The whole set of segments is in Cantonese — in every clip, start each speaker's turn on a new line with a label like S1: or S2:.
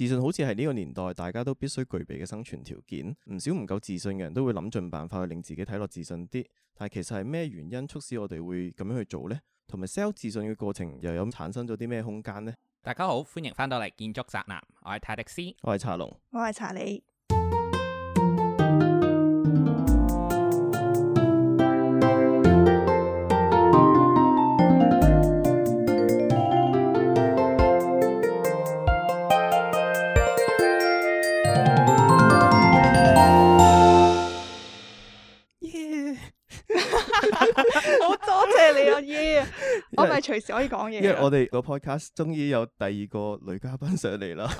S1: 自信好似係呢個年代大家都必須具備嘅生存條件，唔少唔夠自信嘅人都會諗盡辦法去令自己睇落自信啲，但係其實係咩原因促使我哋會咁樣去做呢？同埋 sell 自信嘅過程又有產生咗啲咩空間呢？
S2: 大家好，歡迎翻到嚟建築宅男，
S1: 我係泰迪斯，我係查龍，
S3: 我係茶理。
S2: や我依，我咪隨時可以講嘢。因為我
S1: 哋個 podcast 終於有第二個女嘉賓上嚟啦。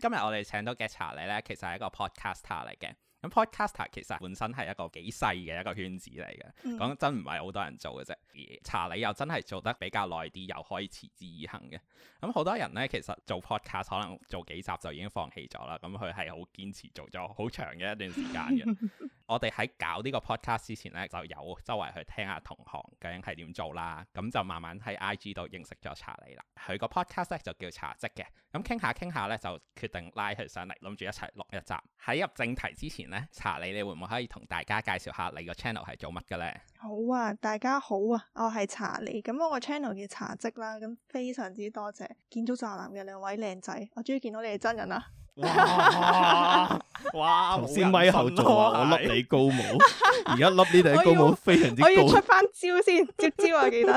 S2: 今日我哋請到嘅茶理咧，其實係一個 podcaster 嚟嘅。咁 podcaster 其實本身係一個幾細嘅一個圈子嚟嘅，講、嗯、真唔係好多人做嘅啫。而茶理又真係做得比較耐啲，又可以持之以恒嘅。咁好多人咧，其實做 podcast 可能做幾集就已經放棄咗啦。咁佢係好堅持做咗好長嘅一段時間嘅。 我哋喺搞呢個 podcast 之前咧，就有周圍去聽下同行究竟係點做啦。咁就慢慢喺 IG 度認識咗茶理啦。佢個 podcast 咧就叫 Chajik 嘅。咁傾下傾下咧，就決定拉佢上嚟，諗住一齊錄一集。喺入正題之前咧，茶理，你會唔會可以同大家介紹下你個 channel 係做乜嘅咧？
S3: 好啊，大家好啊，我係茶理。咁我個 channel 叫 Chajik 啦。咁非常之多謝建築宅男嘅兩位靚仔。我終於見到你哋真人啦！哇哇！
S1: 頭先咪後做啊，剛才 我笠你高帽，而家笠呢頂高帽非常之高，我，我要出
S3: 翻招先， 接招啊記得。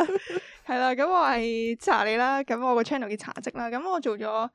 S3: 係 啦，咁我係茶理啦，咁我個 channel 叫 Chajik 啦，咁我做咗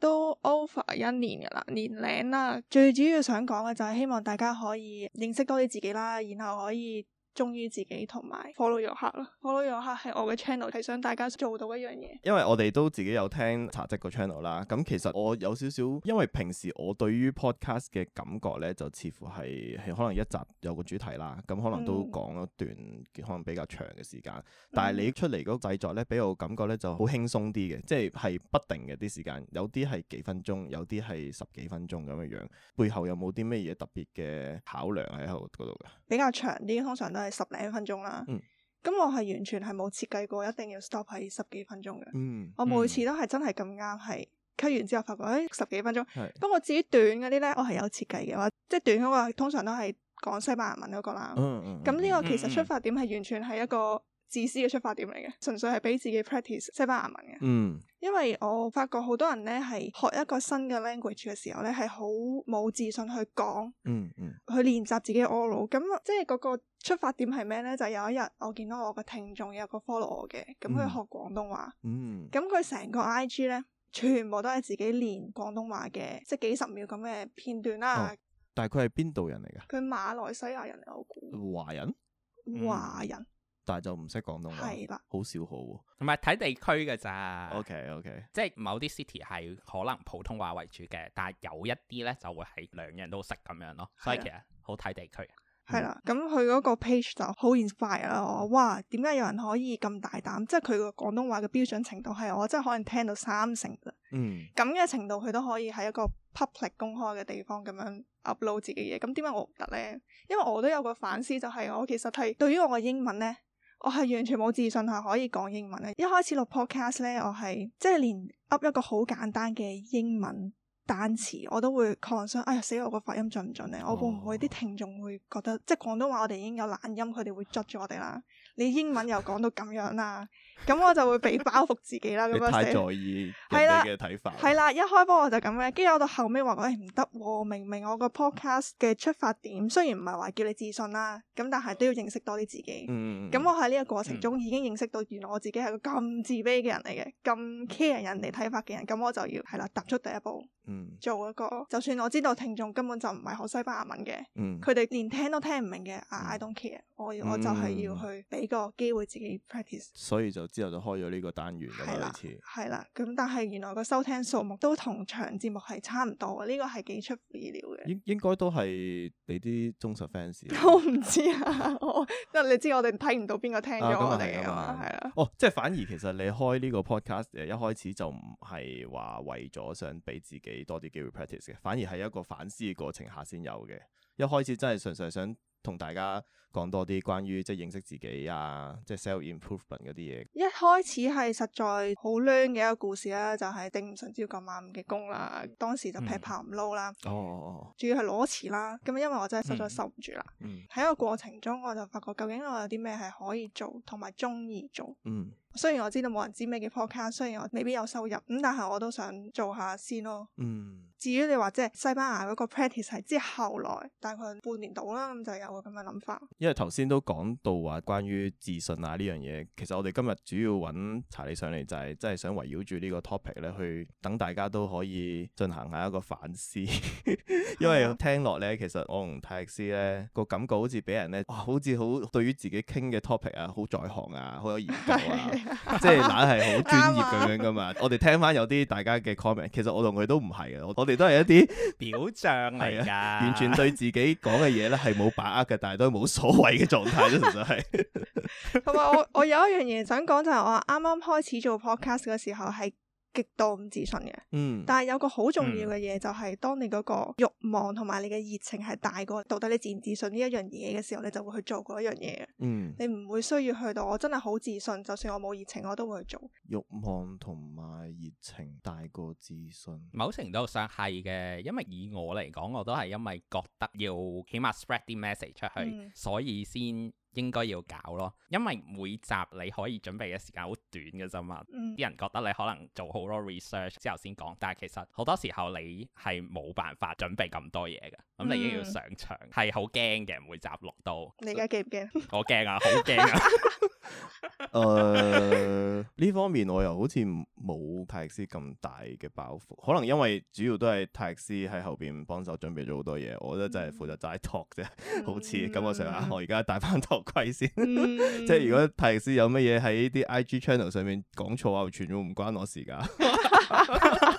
S3: 都 over 一年噶啦，年齡啦，最主要想講嘅就係希望大家可以認識多啲自己啦，然後可以，忠於自己同埋火爐遊客咯，火爐遊客係我嘅 channel，係想大家做到一樣嘢。
S1: 因為我哋都自己有聽 Chajik 個 channel 啦，咁其實我有少少，因為平時我對於 podcast 嘅感覺咧，就似乎係係可能一集有個主題啦，咁可能都講一段、嗯、可能比較長嘅時間。嗯、但係你出嚟嗰個製作咧，俾我感覺咧就好輕鬆啲嘅，即係係不定嘅啲時間，有啲係幾分鐘，有啲係十幾分鐘咁嘅樣。背後有冇啲咩嘢特別嘅考量喺度㗎？
S3: 比較長啲，通常都。係十零分鐘啦，咁、嗯、我係完全係冇設計過一定要 stop 喺十幾分鐘嘅。嗯、我每次都係真係咁啱係吸完之後發覺、哎，誒，十幾分鐘。不過我至於短嗰啲咧，我係有設計嘅，即係短嗰個通常都係講西班牙文嗰個啦，
S4: 咁呢、嗯嗯、個其實出
S3: 發點係完全係一個。自私嘅出發點嚟嘅，純粹係俾自己 practice 西班牙文
S4: 嘅。嗯，
S3: 因為我發覺好多人咧係學一個新嘅 language 嘅時候咧係好冇自信去講。嗯
S4: 嗯，
S3: 嗯去練習自己嘅 oral。咁即係嗰個出發點係咩咧？就係、有一日我見到我個聽眾有個 follow 我嘅，咁佢學廣東話。嗯，咁佢成個 IG 咧，全部都係自己練廣東話嘅，即係幾十秒咁嘅片段啦、
S1: 啊。但係佢係邊度人嚟㗎？
S3: 佢馬來西亞人嚟，我估華人。嗯、華
S1: 人。但係就唔識廣東話，係啦的，好少好喎。
S2: 同埋睇地區嘅咋，OK OK，即係某啲 city 係可能普通話為主嘅，但係有一啲咧就會係兩樣都識咁樣咯。的所以其實好睇地區。
S3: 係啦的，咁佢嗰個 page 就好 inspire 啦。我哇，點解有人可以咁大膽？即係佢個廣東話嘅標準程度係我真係可能聽到三成嘅，嗯，咁嘅程度佢都可以喺一個 public 公開嘅地方咁樣 upload 自己嘢。咁點解我唔得咧？因為我都有個反思、就是，就係我其實係對於我嘅英文咧。我係完全冇自信係可以講英文咧，一開始錄 podcast 咧，我係即係連噏一個好簡單嘅英文單詞，我都會 concern。哎呀，死，我個發音準唔準咧？我會唔會啲聽眾會覺得，即係廣東話我哋已經有懶音，佢哋會捉住我哋啦？你英文又講到咁樣啦？咁 我就會俾包袱自己啦，咁樣寫。你太在意人
S1: 哋嘅睇 法。係 啦，
S3: 啦，一開波我就咁嘅，跟住我到後尾話，誒唔得，明明我個 podcast 嘅出發點，雖然唔係話叫你自信啦，咁但係都要認識多啲自己。嗯。
S5: 咁我喺呢個過程中
S3: 已經認識到，原來我自己係個咁自卑嘅人嚟嘅，咁、嗯、care 人哋睇法嘅人，咁、嗯、我就要係啦踏出第一步。嗯、做一個，就算我知道聽眾根本就唔係學西班牙文嘅，佢哋、嗯、連聽都聽唔明嘅，啊，I don’t care，我我，我就係要去俾個機會自己 practice。
S1: 所以就。之後就開咗呢個單元咁啊，類似
S3: 係啦，咁但係原來個收聽數目都同長節目係差唔多嘅，呢個係幾出乎意料嘅。
S1: 應應該都係你啲忠實 fans。
S3: 我唔知啊，即係你知我哋睇唔到邊個聽咗我哋啊嘛，係、嗯、啦。嗯嗯、的
S1: 哦，即係反而其實你開呢個 podcast 誒，一開始就唔係話為咗想俾自己多啲機會 practice 嘅，反而係一個反思嘅過程下先有嘅。一開始真係純粹想。同大家講多啲關於即係認識自己啊，即係 self improvement 嗰啲嘢。
S3: 一開始係實在好 lame 嘅一個故事啦、啊，就係頂唔順朝咁晚嘅工啦，當時就劈炮唔撈啦。嗯、哦仲要係攞錢啦，咁因為我真係實在受唔住啦嗯。嗯。喺一個過程中，我就發覺究竟我有啲咩係可以做，同埋中意做。
S4: 嗯。
S3: 雖然我知道冇人知咩叫 podcast，雖然我未必有收入，咁但係我都想做下先咯。嗯。至於你話即係西班牙嗰個 practice 係之後來大概半年度啦，咁就有咁嘅諗法。因
S1: 為頭先都講到話關於自信啊呢樣嘢，其實我哋今日主要揾查理上嚟就係、係、真係想圍繞住呢個 topic 咧，去等大家都可以進行下一個反思。 因為聽落呢，其實我同泰斯呢個感覺好似俾人呢，好似好對於自己傾嘅 topic 啊，好在行啊，好有研究啊，即係硬係好專業咁樣噶嘛。 對啊、 我哋聽翻有啲大家嘅 comment，其實我同佢都唔係嘅，我哋。都係一啲表象嚟噶的， 完全對自己講嘅嘢咧係冇把握嘅， 但係都冇所謂嘅狀態咯， 其實係。同
S3: 埋我我有一樣嘢想講就係我啱啱開始做 podcast 嘅時候係。極度唔自信嘅，嗯、
S4: 但係有個好重要嘅
S3: 嘢，嗯、就係，當你嗰個欲望同埋你嘅熱情係大過到底你自唔自信呢一樣嘢嘅時候，你就會去做嗰一樣嘢。嗯，你唔會需要去到我真係好自信，就算我冇熱情，我都會去做。
S1: 欲望同埋熱情大過自信，
S2: 某程度上係嘅，因為以我嚟講，我都係因為覺得要起碼 spread 啲 message，嗯、出去，所以先。應該要搞咯，因為每集你可以準備嘅時間好短㗎啫嘛。啲、嗯、人覺得你可能做好多 research 之後先講，但係其實好多時候你係冇辦法準備咁多嘢㗎，咁你已經要上場係好驚嘅。每集錄到
S3: 你而家驚唔驚？
S2: 我驚啊，好
S3: 驚
S1: 啊。 誒，呢方面我又好似冇泰迪斯咁大嘅包袱，可能因為主要都係泰迪斯喺後邊幫手準備咗好多嘢，我覺得真係負責齋 talk 啫，好似咁，嗯、我想下，我而家戴返頭盔先， 嗯、
S5: 即係如果
S1: 泰迪斯有乜嘢喺啲 IG channel 上面講錯啊，我全部唔關我事噶。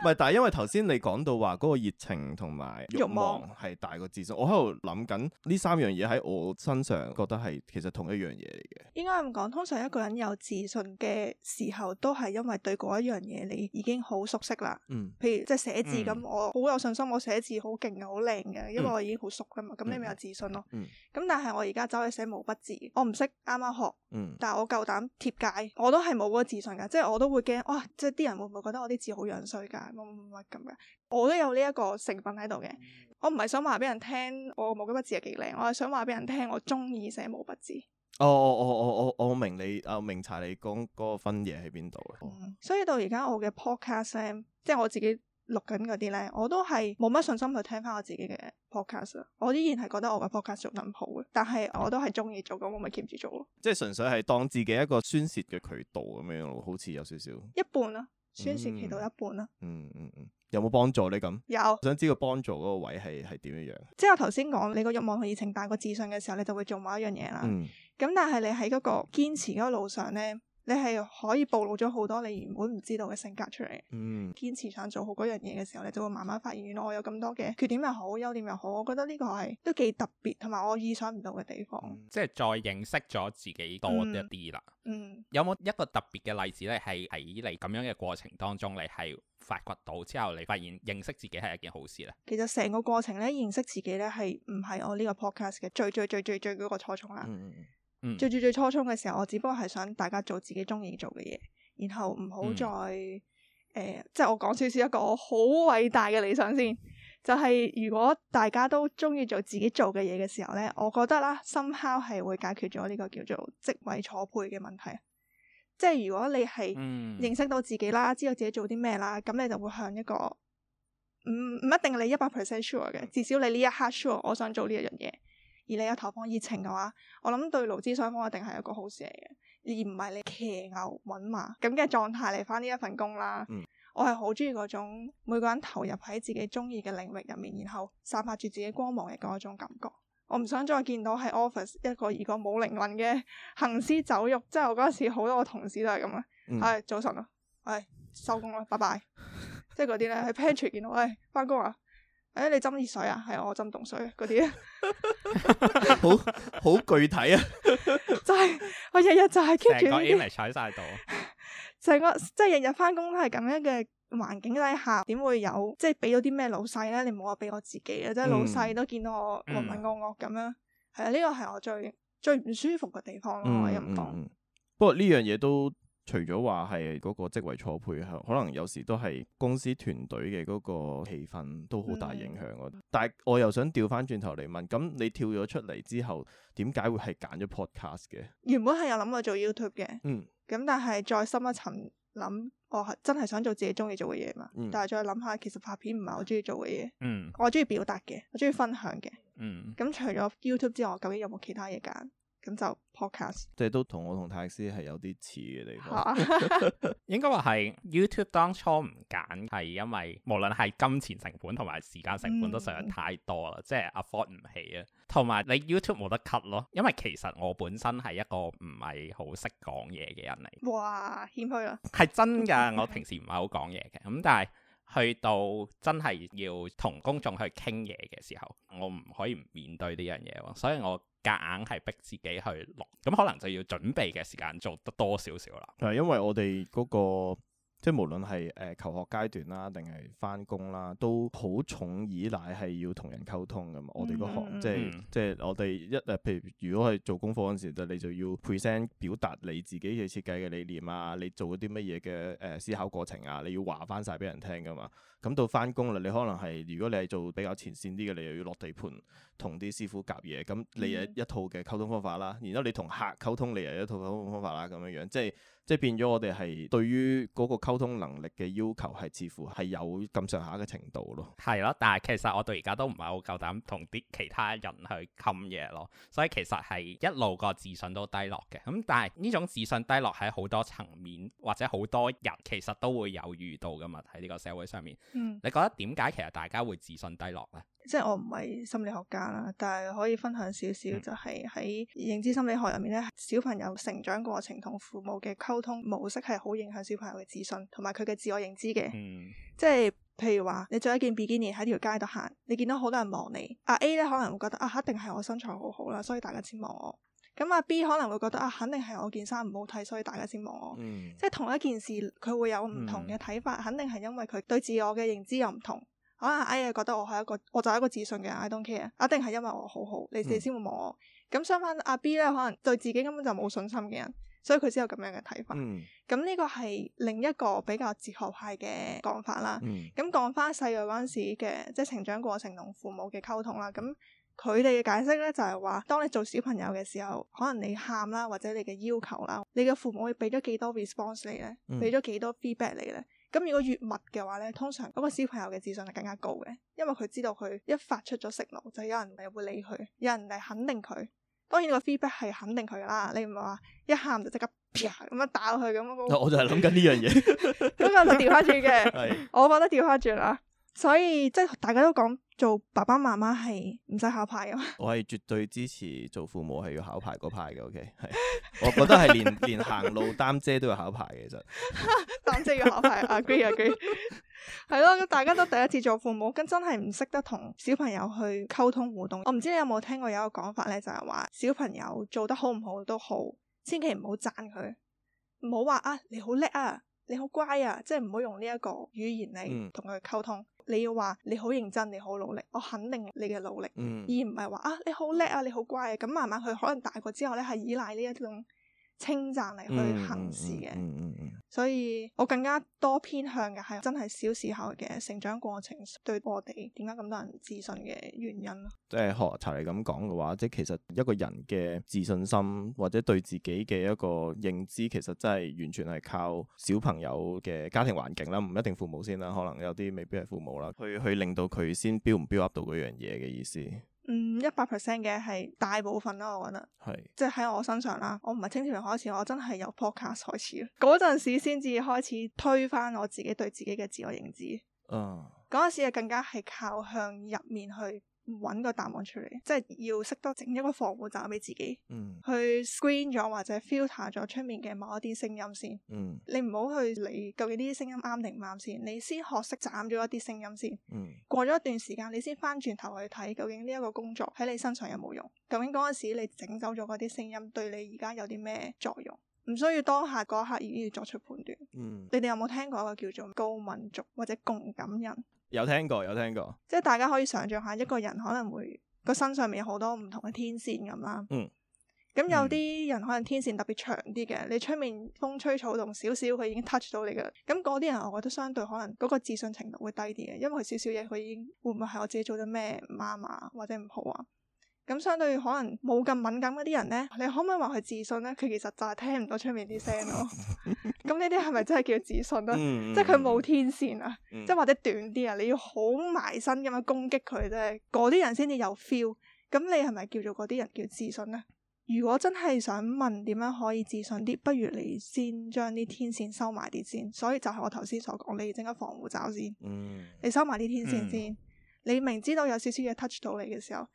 S1: 唔係，但係因為頭先你講到話嗰個熱情同埋欲望係大過自信，望我喺度諗緊呢三樣嘢喺我身上覺得係其實同一樣嘢嚟嘅。
S3: 應該咁講，通常一個人有自信嘅時候，都係因為對嗰一樣嘢你已經好熟悉啦。嗯、譬如即係寫字咁，嗯、我好有信心，我寫字好勁嘅，好靚嘅，因為我已經好熟㗎嘛，咁你咪有自信咯、嗯。嗯。咁但係我而家走去寫毛筆字，我唔識啱啱學。但係我夠膽貼街，我都係冇嗰個自信㗎，即係我都會驚哇！即係啲人會唔會覺得我啲字好樣衰㗎？乜咁嘅，我都有呢一個成分喺度嘅。我唔係想話俾人聽我毛筆字係幾靚，我係想話俾人聽我中意寫毛筆字。
S1: 我我我我我我明你啊，明查你講嗰個分嘢喺邊度啦。
S3: 所以到而家我嘅 podcast 即係我自己錄緊嗰啲咧，我都係冇乜信心去聽翻我自己嘅 podcast。我依然係覺得我嘅 podcast 做得咁好嘅，但係我都係中意做，咁我咪 Keep 住做咯。
S1: 即係純粹係當自己一個宣洩嘅渠道咁樣好似有少少
S3: 一半啦、啊。宣泄期到一半啦、嗯，嗯嗯嗯，
S1: 有冇幫助咧咁？有，我想知道幫助嗰個位係係點樣？
S3: 即係我頭先講你個欲望同熱情，帶個自信嘅時候，你就會做某一樣嘢啦。咁、嗯、但係你喺嗰個堅持嗰個路上咧。你係可以暴露咗好多你原本唔知道嘅性格出嚟，堅持想做好嗰樣嘢嘅時候你就會慢慢發現，原來我有咁多嘅缺點又好，優點又好，我覺得呢個係都幾特別，同埋我意想唔到嘅地方。
S2: 即係再認識咗自己多一啲啦。嗯，有冇一個特別嘅例子咧？係喺你咁樣嘅過程當中，你係發掘到之後，你發現認識自己係一件好事咧？
S3: 其實成個過程咧，認識自己咧，係唔係我呢個 podcast 嘅最最最最最嗰個初衷啦。嗯。最最最初衷嘅時候，我只不過係想大家做自己中意做嘅嘢，然後唔好再誒、嗯呃，即係我講少少一個好偉大嘅理想先，就係、是、如果大家都中意做自己做嘅嘢嘅時候咧，我覺得啦，somehow 係會解決咗呢個叫做職位錯配嘅問題。即係如果你係認識到自己啦，知道自己做啲咩啦，咁你就會向一個唔唔、嗯、一定你一百 percent sure 嘅，至少你呢一刻 sure，我想做呢一樣嘢。而你有投放熱情嘅話，我諗對勞資雙方一定係一個好事嚟嘅，而唔係你騎牛揾馬咁嘅狀態嚟翻呢一份工啦。嗯、我係好中意嗰種每個人投入喺自己中意嘅領域入面，然後散發住自己光芒嘅嗰種感覺。我唔想再見到喺 office 一個二個冇靈魂嘅行屍走肉，即、就、係、是、我嗰陣時好多個同事都係咁啊。唉、嗯哎，早晨啊，唉、哎，收工啦，拜拜。 即係嗰啲咧喺 pantry 見到，唉、哎，翻工啊！誒、哎，你斟熱水啊？係啊，我斟凍水嗰啲啊，
S1: 好好具體啊！
S3: 就係我日日就係 keep 住呢啲，成
S1: 日踩晒到，
S3: 成個即係日日翻工都係咁樣嘅環境底下，點會有即係俾到啲咩老細咧？你唔好話俾我自己啦，嗯、即係老細都見到我渾渾噩噩咁樣，係啊，呢個係我最最唔舒服嘅地方咯，又咁
S1: 講。不過呢樣嘢都。除咗話係嗰個職位錯配啊，可能有時都係公司團隊嘅嗰個氣氛都好大影響啊。嗯、但係我又想調翻轉頭嚟問，咁你跳咗出嚟之後，點解會係揀咗 podcast 嘅？
S3: 原本係有諗過做 YouTube 嘅，嗯，咁但係再深一層諗，我係真係想做自己中意做嘅嘢嘛。嗯、但係再諗下，其實拍片唔係我中意做嘅嘢，嗯，我中意表達嘅，我中意分享嘅，嗯，咁除咗 YouTube 之外，究竟有冇其他嘢揀？咁就 podcast，
S1: 即係都同我同泰斯係有啲似嘅地方，啊、 應該話係
S2: YouTube 當初唔揀係因為無論係金錢成本同埋時間成本都實在太多啦，嗯、即係 afford 唔起啊，同埋你 YouTube 冇得 cut 咯，因為其實我本身係一個唔係好識講嘢嘅人嚟。
S3: 哇，謙虛啊，
S2: 係真噶， 我平時唔係好講嘢嘅，咁但係。去到真係要同公眾去傾嘢嘅時候，我唔可以唔面對呢樣嘢喎，所以我夾硬係逼自己去錄，咁可能就要準備嘅時間做得多少少啦。
S1: 係因為我哋嗰、那個。即係無論係誒、呃、求學階段啦，定係翻工啦，都好重依賴係要同人溝通噶嘛。嗯、我哋嗰行，嗯、即係即係我哋一誒，譬如如果係做功課嗰陣時，就你就要 present 表達你自己嘅設計嘅理念啊，你做咗啲乜嘢嘅誒思考過程啊，你要話翻晒俾人聽噶嘛。咁到翻工啦，你可能係如果你係做比較前線啲嘅，你又要落地盤同啲師傅夾嘢，咁你有一套嘅溝、嗯、溝通方法啦。然後你同客溝通，你又一套溝通方法啦。咁樣樣即係。即即係變咗，我哋係對於嗰個溝通能力嘅要求係，似乎係有咁上下嘅程度咯。
S2: 係咯，但係其實我到而家都唔係好夠膽同啲其他人去冚嘢咯，所以其實係一路個自信都低落嘅。咁但係呢種自信低落喺好多層面或者好多人其實都會有遇到嘅嘛，喺呢個社會上面。
S3: 嗯，你
S2: 覺得點解其實大家會自信低落呢？
S3: 即係我唔係心理學家啦，但係可以分享少少，就係喺認知心理學入面咧，小朋友成長過程同父母嘅溝通模式係好影響小朋友嘅自信同埋佢嘅自我認知嘅。嗯，即係譬如話你着一件比基尼喺條街度行，你見到好多人望你。阿 A 咧可能會覺得啊，肯定係我身材好好啦，所以大家先望我。咁啊 B 可能會覺得啊，肯定係我件衫唔好睇，所以大家先望我。嗯，即係同一件事，佢會有唔同嘅睇法，肯定係因為佢對自我嘅認知又唔同。可能阿 A 覺得我係一個，我就係一個自信嘅人，I don't care，一定係因為我好好，你哋先會望我。咁、嗯、相反，阿 B 咧可能對自己根本就冇信心嘅人，所以佢先有咁樣嘅睇法。咁呢、嗯、個係另一個比較哲學派嘅講法啦。咁講翻細個嗰陣時嘅即係成長過程同父母嘅溝通啦。咁佢哋嘅解釋咧就係話，當你做小朋友嘅時候，可能你喊啦，或者你嘅要求啦，你嘅父母會俾咗幾多 response 你咧，俾咗幾多 feedback 你咧。咁如果越密嘅話咧，通常嗰個小朋友嘅自信係更加高嘅，因為佢知道佢一發出咗 signal，就有人係會理佢，有人係肯定佢。當然個 feedback 係肯定佢㗎啦，你唔係話一喊就即刻啪咁樣打落去咁樣，我就係諗
S1: 緊呢樣嘢，
S5: 咁
S3: 我就調翻轉嘅，我覺得調翻轉啦。所以即係大家都講。做爸爸媽媽係唔使考牌噶。
S1: 我係絕對支持做父母係要考牌嗰派嘅。O K，係，我覺得係連連行路擔遮都要考牌嘅。其實
S3: 擔遮要考牌。 Agree 啊 agree，佢係咯。咁大家都第一次做父母，咁真係唔識得同小朋友去溝通互動。我唔知你有冇聽過有一個講法咧，就係話小朋友做得好唔好都好，千祈唔好讚佢，唔好話啊你好叻啊你好乖啊，即係唔好用呢一個語言嚟同佢溝通。嗯你要話你好認真，你好努力，我肯定你嘅努力，嗯、而唔係話啊你好叻啊你好乖啊，咁慢慢佢可能大個之後呢，係依賴呢一種稱讚嚟去行事嘅，嗯嗯嗯嗯、所以我更加多偏向嘅係真係小時候嘅成長過程，對我哋點解咁多人自信嘅原因咯。
S1: 即係學茶理嚟咁講嘅話，即係其實一個人嘅自信心或者對自己嘅一個認知，其實真係完全係靠小朋友嘅家庭環境啦，唔一定父母先啦，可能有啲未必係父母啦，去去令到佢先標唔標 Up 到嗰樣嘢嘅意思。
S3: 嗯，一百 percent 嘅係大部分啦，我覺得，是即係喺我身上啦，我唔係青少年開始，我真係由 podcast 開始，嗰陣時先至開始推翻我自己對自己嘅自我認知，嗰陣時，uh. 嗰陣時嘅更加係靠向入面去。搵個答案出嚟，即係要識得整一個防護罩俾自己，嗯、去 screen 咗或者 filter 咗出面嘅某一啲聲音先。嗯、你唔好去理究竟呢啲聲音啱定唔啱先，你先學識斬咗一啲聲音先。嗯、過咗一段時間，你先翻轉頭去睇究竟呢一個工作喺你身上有冇用，究竟嗰陣時你整走咗嗰啲聲音對你而家有啲咩作用？唔需要當下嗰一刻已經要作出判斷。嗯、你哋有冇聽過一個叫做高民族或者共感人？
S1: 有聽過，有聽過。
S3: 即係大家可以想像下，一個人可能會個身上面有好多唔同嘅天線咁啦。嗯。咁有啲人可能天線特別長啲嘅，你出面風吹草動少少，佢已經 touch 到你嘅。咁嗰啲人，我覺得相對可能嗰個自信程度會低啲嘅，因為少少嘢佢已經會唔會係我自己做咗咩唔啱或者唔好啊？咁相對可能冇咁敏感嗰啲人呢，你可唔可以話佢自信呢？佢其實就係聽唔到出面啲聲咯。咁呢啲係咪真係叫自信咧？Mm hmm. 即係佢冇天線啊，mm hmm. 即係或者短啲啊。你要好埋身咁樣攻擊佢啫。嗰啲人先至有 feel。咁你係咪叫做嗰啲人叫自信呢？如果真係想問點樣可以自信啲，不如你先將啲天線收埋啲先。所以就係我頭先所講，你整下防護罩先。Mm hmm. 你收埋啲天線先。Mm hmm. 你明知道有少少嘢 touch 到你嘅時候。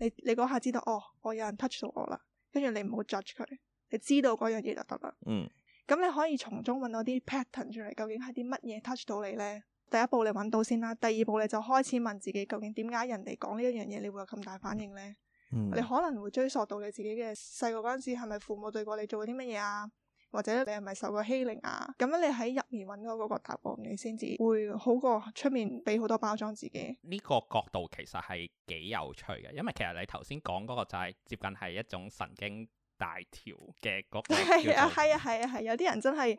S3: 你你嗰下知道哦，我有人 touch 到我啦，跟住你唔好 judge 佢，你知道嗰樣嘢就得啦。嗯，咁你可以從中揾到啲 pattern 出嚟，究竟係啲乜嘢 touch 到你咧？第一步你揾到先啦，第二步你就開始問自己，究竟點解人哋講呢一樣嘢你會有咁大反應咧？
S4: 嗯，你
S3: 可能會追溯到你自己嘅細個嗰陣時，係咪父母對過你做過啲乜嘢啊？或者你係咪受過欺凌啊？咁樣你喺入面揾到嗰個答案，你先至會好過出面俾好多包裝自己。
S2: 呢個角度其實係幾有趣嘅，因為其實你頭先講嗰個就係接近係一種神經大
S1: 條嘅嗰個角度。係啊，係
S3: 啊，係啊，係，有啲人真係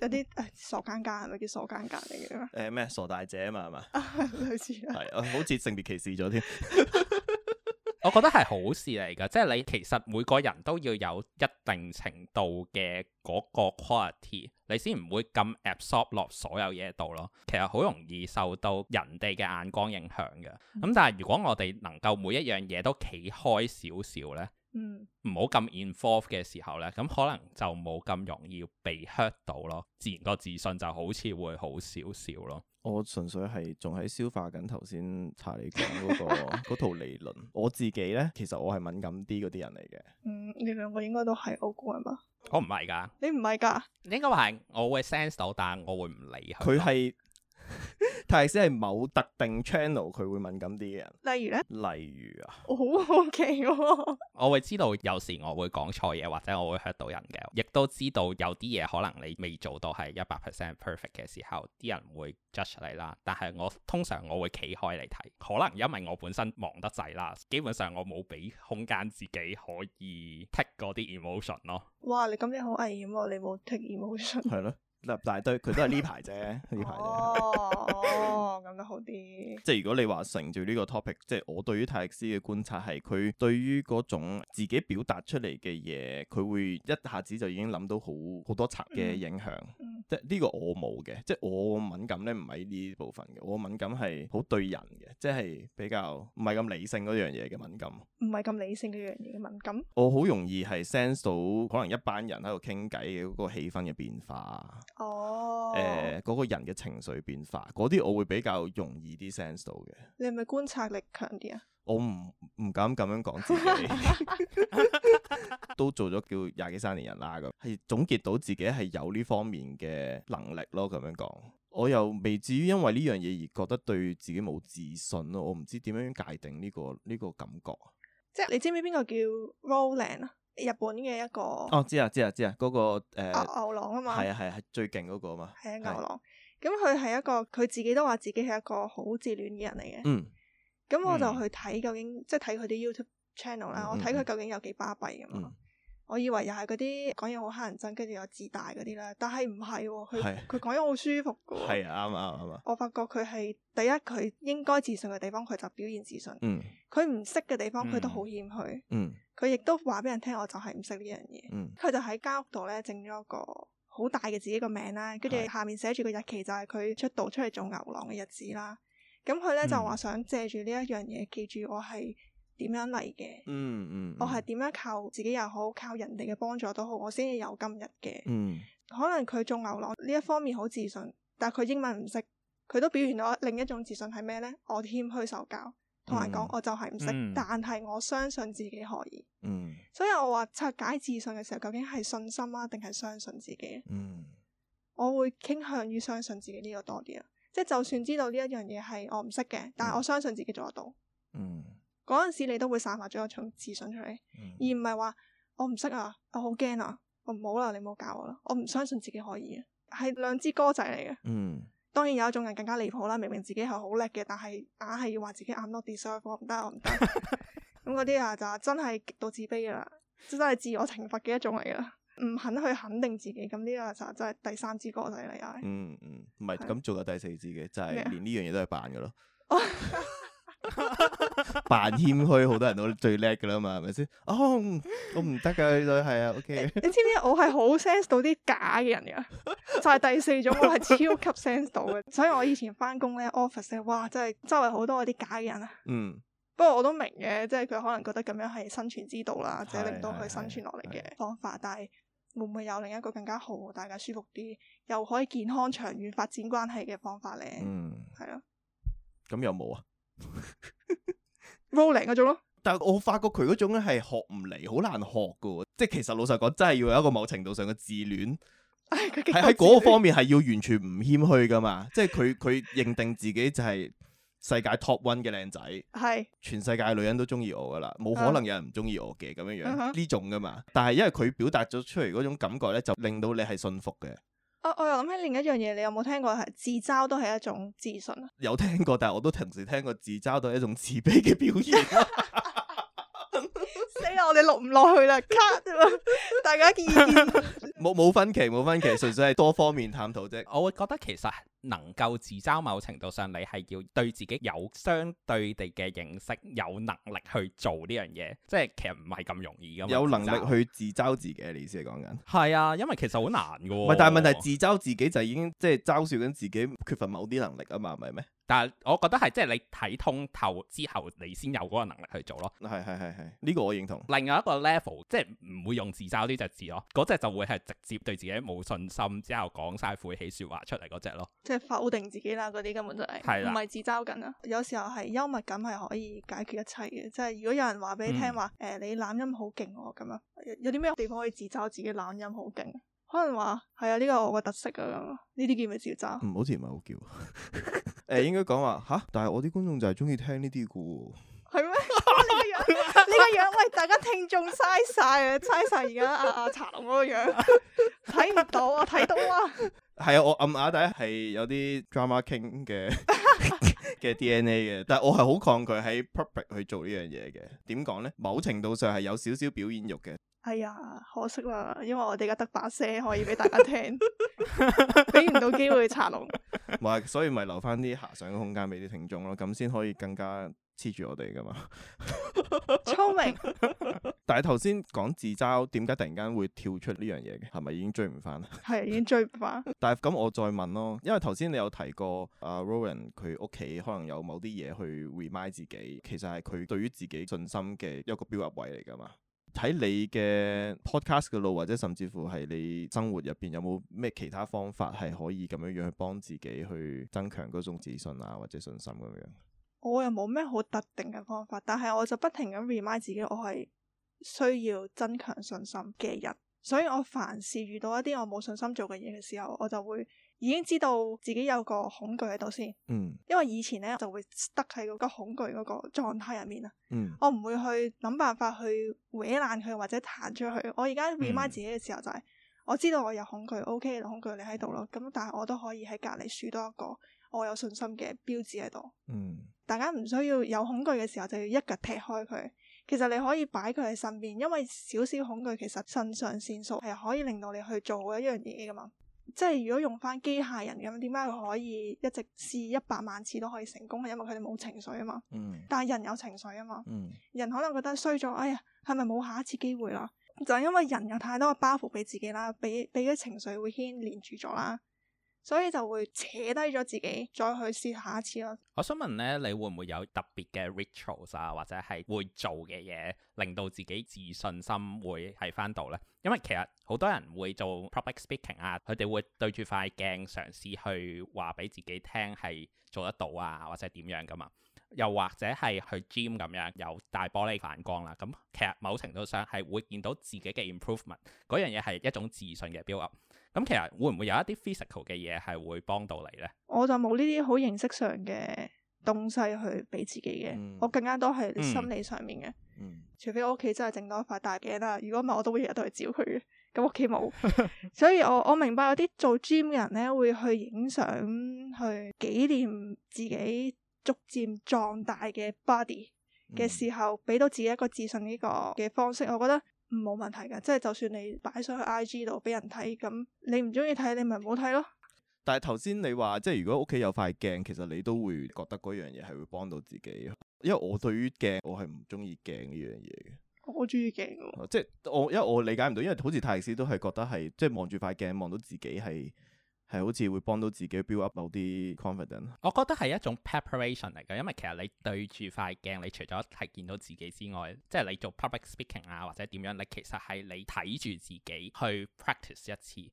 S3: 有啲傻更更，係咪叫傻更更嚟嘅？
S1: 誒咩傻大姐啊嘛，係嘛？
S3: 係類似
S1: 係好似性別歧視咗添。我覺得係好事嚟㗎，即係你其實每個人
S2: 都要有一定程度嘅嗰個 quality，你先唔會咁 absorb 落所有嘢度咯。其實好容易受到人哋嘅眼光影響嘅。咁但係如果我哋能夠每一樣嘢都企開少少呢，唔好咁 involve 嘅時候呢，咁可能就冇咁容易被 hurt 到咯，自然個自信
S1: 就好似會好少少咯。我純粹係仲喺消化緊頭先茶理講嗰、嗰個套 理論。我自己咧，其實我係敏感啲嗰啲人嚟嘅。
S3: 嗯，你
S2: 兩個應該都係我共人嘛？
S1: 我唔係㗎。
S2: 你唔係㗎？
S1: 應該話係我會 sense 到，但係我會唔理會。佢係。睇先係某特定 channel 佢會敏感啲嘅，例如咧，例如
S3: 啊，oh, okay. 我好奇，
S1: 我會知道有時我會
S2: 講錯嘢或者我會吓到人嘅，亦都知道有啲嘢可能你未做到係一百 percent perfect 嘅時候，啲人會 judge 你啦。但係我通常我會企開嚟睇，可能因為我本身忙得滯啦，基本上我冇俾空間自己可以剔
S1: 嗰啲 emotion 咯。
S3: 哇，你咁樣好危險喎、啊！你冇剔 emotion 係
S1: 咧。 嗱，大堆佢都係呢排啫，呢排啫。哦，
S3: 咁就、 哦、好啲。即係
S1: 如果你話乘住呢個 topic，即係我對於泰力斯嘅觀察係佢對於嗰種自己表達出嚟嘅嘢，佢會一下子就已經諗到好好多賊嘅影響。嗯嗯、即係呢、呢個我冇嘅，即係我敏感咧，唔係呢部分嘅。我敏感係好對人嘅，即係比較唔係咁理性嗰樣嘢嘅敏感。
S3: 唔係咁理性嗰樣嘢嘅敏感。
S1: 我好容易係 sense 到可能一班人喺度傾偈嘅嗰個氣氛嘅變化。哦，誒、呃，嗰、那個人嘅情緒變化，嗰啲我會比較容易啲 sense 到嘅。
S3: 你係咪觀察力強啲啊？
S1: 我唔唔敢咁樣講自己， 都做咗叫廿幾三年人啦，咁係總結到自己係有呢方面嘅能力咯。咁樣講，我又未至於因為呢樣嘢而覺得對自己冇自信咯。我唔知點樣界定呢、這個呢、這個感覺。
S3: 即係你知唔知邊個叫 Roland 啊？日本嘅一個，哦
S1: 知啊，知啊，知啊嗰個誒牛郎啊嘛，係啊，係啊，最勁嗰個啊嘛係啊牛郎。
S3: 咁佢係一個，佢自己都話自己係一個好自戀嘅人嚟嘅。嗯，咁我就去睇究竟、嗯、即係睇佢啲 YouTube channel 啦、嗯、我睇佢究竟有幾巴閉咁咯。嗯嗯。我以為又係嗰啲講嘢好乞人憎，跟住又自大嗰啲啦，但係唔係喎，佢佢講嘢好舒服
S1: 噶喎。係啊，啱啱、啱啊、
S3: 我發覺佢係第一，佢應該自信嘅地方，佢就表現自信。佢唔識嘅地方，佢、嗯、都好謙虛。佢、嗯、亦都話俾人聽，我就係唔識呢樣嘢。佢、嗯、就喺間屋度咧，整咗個好大嘅自己個名啦，跟住下面寫住個日期，就係佢出道出去做牛郎嘅日子啦。咁佢咧就話想借住呢一樣嘢，記住我係點樣嚟嘅？
S4: 嗯嗯，我
S3: 係點樣靠自己又好，靠人哋嘅幫助都好，我先至有今日嘅。嗯，可能佢做牛郎呢一方面好自信，但係佢英文唔識，佢都表現咗另一種自信係咩呢？我謙虛受教，
S4: 同人講
S3: 我就係唔識，嗯、但係我相信自己可以。嗯，所以我話拆解自信嘅時候，究竟係信心啊，定係相信自己？嗯，我會傾向於相信自己呢個多啲啊！即係就算知道呢一樣嘢係我唔識嘅，但係我相信自己做得到。嗯。嗯嗰陣時你都會散發咗一種自信出嚟，嗯、而唔係話我唔識啊，我好驚啊，我唔好啦，你唔好搞我啦，我唔相信自己可以嘅，係兩支歌仔嚟嘅。嗯，當然有一種人更加離譜啦，明明自己係好叻嘅，但係硬係要話自己 I'm not deserve，我唔得，我唔得。咁嗰啲啊就真係極度自卑啦，真係自我懲罰嘅一種嚟啦，唔肯去肯定自己。咁呢個就真係第三支歌仔嚟啊、嗯。嗯
S1: 嗯，唔係咁做嘅第四支嘅，就係、是、連呢樣嘢都係扮嘅咯。扮謙虛，好 多人都最叻噶啦嘛，係咪先？哦，我唔得噶，都係啊。OK，你
S3: 知唔知我係好 sense 到啲假嘅人噶？ 就係第四種，我係超級 sense 到嘅。所以我以前翻工咧，office 咧，哇，真係周圍好多嗰啲假嘅人啊。嗯。不過我都明嘅，即係佢可能覺得咁樣係生存之道啦，即令到佢生存落嚟嘅方法。是是是是但係會唔會有另一個更加好，大家舒服啲，又可以健康長遠發展關係嘅方法咧？嗯的，係咯。
S1: 咁有冇啊？Roland 嗰種咯， 但係我發覺佢嗰種咧係學唔嚟，好難學噶，即係其實老實講，真係要有一個某程度上嘅自戀，
S5: 係喺嗰個方面係
S1: 要完全唔謙虛噶嘛，即係佢佢認定自己就係世界 top one 嘅靚仔，係 是全世界女人都中意我噶啦，冇可能有人唔中意我嘅咁樣樣呢，uh huh. 種噶嘛，但係因為佢表達咗出嚟嗰種感覺咧，就令到你係信服嘅。
S3: 我我又諗起另一樣嘢，你有冇聽過係自嘲都係一種自信啊？
S1: 有聽過，但係我都同時聽過自嘲都係一種自卑嘅表現。
S3: 死 啦！ 我哋錄唔落去啦，cut，大家嘅意見
S1: 冇冇 分歧，冇分歧，純粹係多方面探討啫。 我
S2: 會覺得其實。能夠自嘲，某程度上你係要對自己有相對地嘅認識，有能力去做呢樣嘢，即係其實唔係咁容易噶嘛。有能力去
S1: 自嘲自己， 你意思係講緊？
S2: 係啊，因為其實好難噶喎、哦。唔係，但係問題自
S1: 嘲自己就已經即係、就是、嘲笑緊自己缺乏某啲能力啊嘛，唔係咩？
S2: 但係我覺得係即係你睇通透之後，你先有嗰個能力去做咯。係係係係，呢、呢個我認同。另外一個 level 即係唔會用自嘲呢隻字咯，嗰隻就會係直接對自己冇信心之後講晒晦氣説話出嚟嗰隻咯。
S3: 即係否定自己啦，嗰啲根本就係唔係自嘲緊啊！有時候係幽默感係可以解決一切嘅，即係如果有人話俾你聽話，誒、嗯欸、你懶音好勁哦咁樣，有啲咩地方可以自嘲自己懶音好勁？可能話係、欸 欸、啊，呢個我個特色啊，呢啲叫咪自嘲？
S1: 唔好似唔係好叫誒，應該講話吓，但係我啲觀眾就係中意聽呢啲噶喎。
S3: 係咩？呢個樣呢個樣，喂，大家聽眾嘥晒啊，嘥晒而家阿阿茶龍嗰個樣，睇唔到啊，睇到啊。啊啊啊啊啊啊。
S1: 係啊，我暗啞底係有啲 drama king 嘅嘅， DNA 嘅，但係我係好抗拒喺 proper 去做呢樣嘢嘅。點講咧？某程度上係有少少表演欲嘅。
S3: 係啊、哎，可惜啦，因為我哋而家得把聲可以俾大家聽，俾唔 到機會插龍。
S1: 咪所以咪留翻啲遐想嘅空間俾啲聽眾咯，咁先可以更加。黐住我哋噶嘛？
S3: 聰 聰明。
S1: 但係頭先講自嘲，點解突然間會跳出呢樣嘢嘅？係咪已經追唔翻？
S3: 係已經追唔翻 。
S1: 但係咁，我再問咯，因為頭先你有提過阿、uh, Rowan 佢屋企可能有某啲嘢去 remind 自己，其實係佢對於自己信心嘅一個標立位嚟噶嘛？睇你嘅 podcast 嘅路，或者甚至乎係你生活入邊，有冇咩其他方法係可以咁樣樣去幫自己去增強嗰種自信啊，或者信心咁、啊、樣？
S3: 我又冇咩好特定嘅方法，但係我就不停咁 remind 自己，我係需要增強信心嘅人，所以我凡事遇到一啲我冇信心做嘅嘢嘅時候，我就會已經知道自己有個恐懼喺度先。嗯，因為以前呢，就會 stuck 喺嗰個恐懼嗰個狀態入面啊。嗯、我唔會去諗辦法去搲爛佢或者彈出去。我而家 remind 自己嘅時候就係、是嗯、我知道我有恐懼，OK，恐懼你喺度咯，咁的但係我都可以喺隔離樹多一個我有信心嘅標誌喺度。嗯。大家唔需要有恐懼嘅時候，就要一腳踢開佢。其實你可以擺佢喺身邊，因為少少恐懼其實腎上腺素係可以令到你去做一樣嘢噶嘛。即係如果用返機械人咁，點解佢可以一直試一百萬次都可以成功？係因為佢哋冇情緒啊嘛。嗯。但係人有情緒啊嘛。嗯。人可能覺得衰咗，哎呀，係咪冇下一次機會啦？就係因為人有太多嘅包袱俾自己啦，俾俾啲情緒會牽連住咗啦。所以就會扯低咗自己，再去試下一次咯。
S2: 我想問咧，你會唔會有特別嘅 rituals 啊，或者係會做嘅嘢，令到自己自信心會係翻到呢？因為其實好多人會做 public speaking 啊，佢哋會對住塊鏡嘗試去話俾自己聽係做得到啊，或者點樣噶嘛。又或者係去 gym 咁樣有大玻璃反光啦、啊。咁、嗯、其實某程度上係會見到自己嘅 improvement，嗰樣嘢係一種自信嘅 build up。咁其實會唔會有一啲 physical 嘅嘢係會幫到你咧？
S3: 我就冇呢啲好形式上嘅東西去俾自己嘅。嗯、我更加多係心理上面嘅。嗯、除非我屋企真係整多塊大鏡啦，如果唔係我都會日日都去照佢嘅。咁屋企冇， 所以我我明白有啲做 gym 嘅人咧，會去影相去紀念自己逐漸壯大嘅 body 嘅時候，俾、嗯、到自己一個自信呢個嘅方式。我覺得。冇問題嘅，即係就算你擺上去 IG 度俾人睇，咁你唔中意睇，你咪唔好睇咯。
S1: 但係頭先你話，即係如果屋企有塊鏡，其實你都會覺得嗰樣嘢係會幫到自己，因為我對於鏡，我係唔中意鏡呢樣嘢
S3: 嘅。我中意鏡，
S1: 即係我因為我理解唔到，因為好似泰斯都係覺得係即係望住塊鏡，望到自己係。係好似會幫到自己 build up 某啲 confidence。
S2: 我覺得係一種 preparation 嚟㗎，因為其實你對住塊鏡，你除咗係見到自己之外，即係你做 public speaking 啊，或者點樣，你其實係你睇住自己去 practice 一次，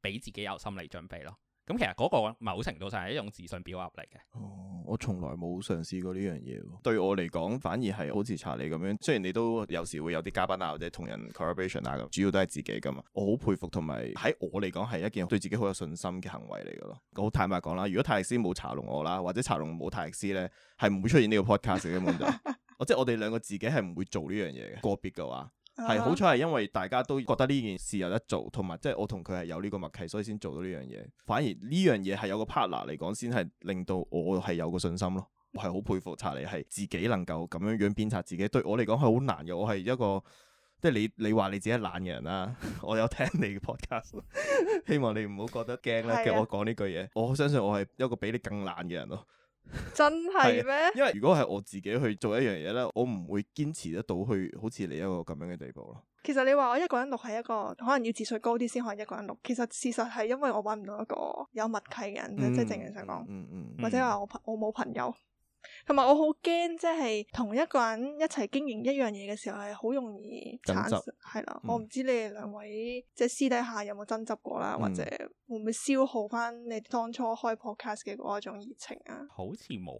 S2: 俾自己有心理準備咯。咁其實嗰個某程度上係一種自信表達嚟嘅。哦，
S1: 我從來冇嘗試過呢樣嘢喎。對我嚟講，反而係好似茶理咁樣，雖然你都有時會有啲嘉賓啊或者同人 correlation 啊咁，主要都係自己噶嘛。我好佩服同埋喺我嚟講係一件對自己好有信心嘅行為嚟嘅咯。好坦白講啦，如果泰力斯冇查龍我啦，或者查龍冇泰力斯咧，係唔會出現呢個 podcast 嘅問題。 即我即係我哋兩個自己係唔會做呢樣嘢嘅個別嘅話。係好彩係，因為大家都覺得呢件事有得做，同埋即係我同佢係有呢個默契，所以先做到呢樣嘢。反而呢樣嘢係有個 partner 嚟講，先係令到我係有個信心咯。我係好佩服茶理係自己能夠咁樣樣鞭策自己。對我嚟講係好難嘅，我係一個即係、就是、你你話你自己係懶嘅人啦、啊。 我有聽你嘅 podcast，希望你唔好覺得驚咧 是、啊。其實我講呢句嘢，我相信我係一個比你更懶嘅人咯。
S3: 真係咩？因為如
S1: 果係我自己去做一樣嘢咧，我唔會堅持得到去好似你一個咁樣嘅地步咯。
S3: 其實你話我一個人錄係一個可能要自信高啲先可以一個人錄，其實事實係因為我搵唔到一個有默契嘅人，嗯、即係正嘢上講，嗯嗯嗯、或者話我、嗯、我冇朋友。同埋我好驚，即係同一個人一齊經營一樣嘢嘅時候，係好容易產生係啦僅。我唔知你哋兩位、嗯、即係私底下有冇爭執過啦，或者會唔會消耗翻你當初開 podcast 嘅嗰一種熱情啊？
S1: 好似冇，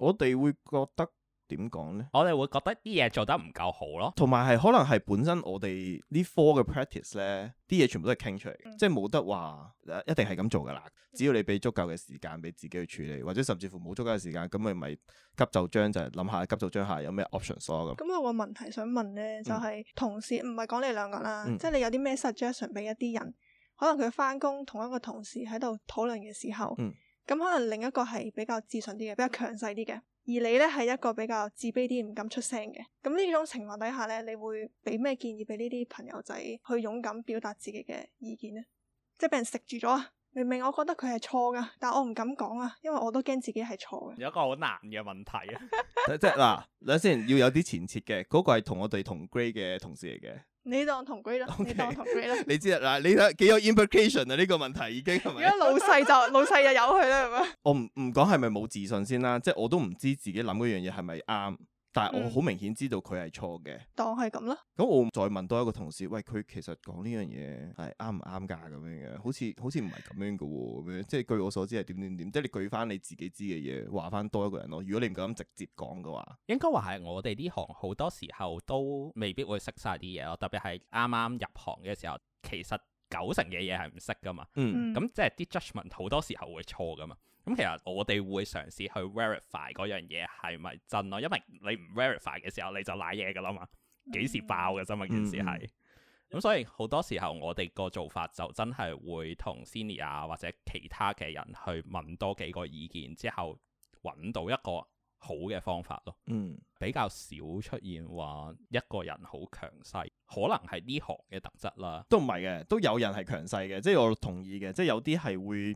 S1: 我哋會覺得。點講咧？呢
S2: 我哋會覺得啲嘢做得唔夠好咯，
S1: 同埋係可能係本身我哋呢科嘅 practice 咧，啲嘢全部都係傾出嚟嘅，嗯、即係冇得話一定係咁做噶啦。只要你俾足夠嘅時間俾自己去處理，或者甚至乎冇足夠嘅時間，咁咪咪急就章就係、是、諗下急就章下有咩 options 咁。咁
S3: 我個問題想問咧，就係、是、同事唔係講你兩個啦，即係、嗯、你有啲咩 suggestion 俾一啲人？可能佢返工同一個同事喺度討論嘅時候，咁、嗯、可能另一個係比較自信啲嘅，比較強勢啲嘅。而你呢，係一個比較自卑啲唔敢出聲嘅，咁呢種情況底下呢，你會畀咩建議畀呢啲朋友仔去勇敢表達自己嘅意見呢？即係畀人食住咗啊！明明我覺得佢係錯噶，但我唔敢講啊，因為我都驚自己係錯嘅。
S2: 有一個好難嘅問題啊
S1: 即，即係嗱，你先要有啲前設嘅，嗰、嗰個係同我哋同 grade 嘅同事嚟嘅。
S3: 你當同 grade 啦，okay，你當同 grade 啦 。
S1: 你知啊，嗱，你睇幾有 implication 啊？呢個問題已經係咪？如
S3: 果老細就 老細就，就有佢啦，係咪？
S1: 我唔唔講係咪冇自信先啦，即係我都唔知自己諗嗰樣嘢係咪啱。但係我好明顯知道佢係錯嘅，
S3: 當係咁啦。
S1: 咁我再問多一個同事，喂，佢其實講呢樣嘢係啱唔啱噶？咁樣嘅，好似好似唔係咁樣噶喎、啊，咁樣即係據我所知係點點點，即係你舉翻你自己知嘅嘢話翻多一個人咯。如果你唔敢直接講嘅話，應該話係我哋呢行好多時候都未必會識晒啲嘢咯，特別係啱啱入
S2: 行嘅時候，其實九成嘅嘢係唔識噶嘛。嗯，咁即係啲 judgement 好多時候會錯噶嘛。咁其實我哋會嘗試去 verify 嗰樣嘢係咪真咯，因為你唔 verify 嘅時候你就賴嘢噶啦嘛，幾時爆嘅啫？嘛件事係，咁、嗯、所以好多時候我哋個做法就真係會同 Cindy 啊或者其他嘅人去問多幾個意見之後，揾到一個好嘅方法咯。嗯，嗯比較少出現話一個人好強勢，可能係呢行嘅特
S1: 質啦。都唔係嘅，都有人係強勢嘅，即係我同意嘅，即係有啲係會。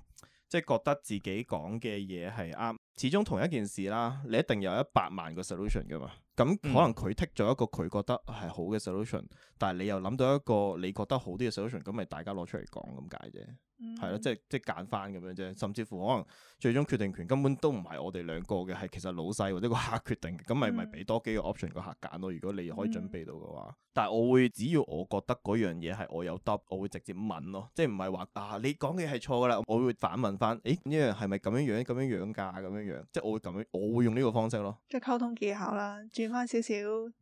S1: 即係覺得自己講嘅嘢係啱，始終同一件事啦，你一定有一百萬個 solution 噶嘛。咁、嗯、可能佢剔咗一個佢覺得係好嘅 solution，但係你又諗到一個你覺得好啲嘅 solution，咁咪大家攞出嚟講咁解啫，係咯、嗯，即係即係揀翻咁樣啫。甚至乎可能最終決定權根本都唔係我哋兩個嘅，係其實老細或者個客決定嘅，咁咪咪俾多幾個 option 個客揀咯。嗯、如果你可以準備到嘅話，但係我會只要我覺得嗰樣嘢係我有得，我會直接問咯，即係唔係話啊你講嘅係錯㗎啦，我會反問翻，誒呢樣係咪咁樣樣咁樣樣㗎？咁樣樣，即係我會咁樣，我會用呢個方式咯，
S3: 即係溝通技巧啦。轉翻少少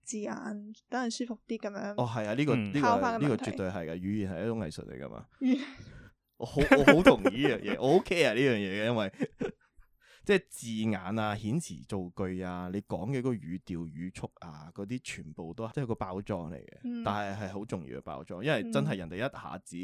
S3: 字眼，等人舒服啲咁樣。哦，
S1: 係啊，呢、個呢、個呢、個絕對係嘅，語言係一種藝術嚟㗎嘛。我好我好同意呢樣嘢， 我 OK 啊。呢樣嘢嘅，因為即係 字眼啊、遣詞造句啊、你講嘅個語調、語速啊，嗰啲全部都即係個包裝嚟嘅，嗯、但係係好重要嘅包裝，因為真係人哋一下子。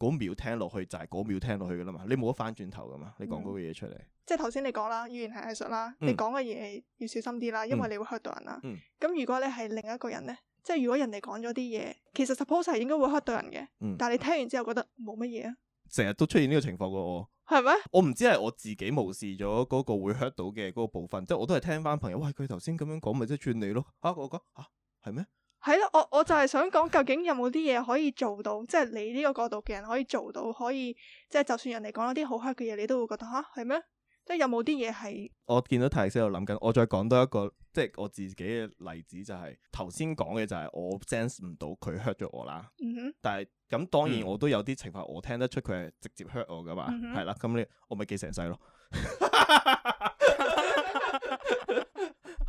S1: 嗰秒聽落去就係嗰秒聽落去噶啦嘛，你冇得翻轉頭噶嘛，你講嗰個嘢出嚟、嗯。
S3: 即係頭先你講啦，語言係藝術啦，嗯、你講嘅嘢要小心啲啦，因為你會 hurt 到人啦。咁、嗯、如果你係另一個人呢，即係如果人哋講咗啲嘢，其實 suppose 係應該會 hurt 到人嘅，嗯、但係你聽完之後覺得冇乜嘢
S1: 啊。成日都出現呢個情況喎，係咩？我唔嗎知係我自己無視咗嗰個會 hurt 到嘅嗰個部分，即係我都係聽翻朋友，喂，佢頭先咁樣講咪即係串你咯，吓、啊？我講吓係咩？啊。
S3: 係咯，我我就係想講，究竟有冇啲嘢可以做到，即係你呢個角度嘅人可以做到，可以即係就算人哋講一啲好 hurt 嘅嘢，你都會覺得吓，係咩？即係有冇啲嘢係？
S1: 我見到泰西，我諗緊，我再講多一個，即係我自己嘅例子就係頭先講嘅就係我 sense 唔到佢 hurt 咗我啦。嗯哼。但係咁當然我都有啲情況我聽得出佢係直接 hurt 我噶嘛。嗯哼。係啦，咁你我咪記成世咯。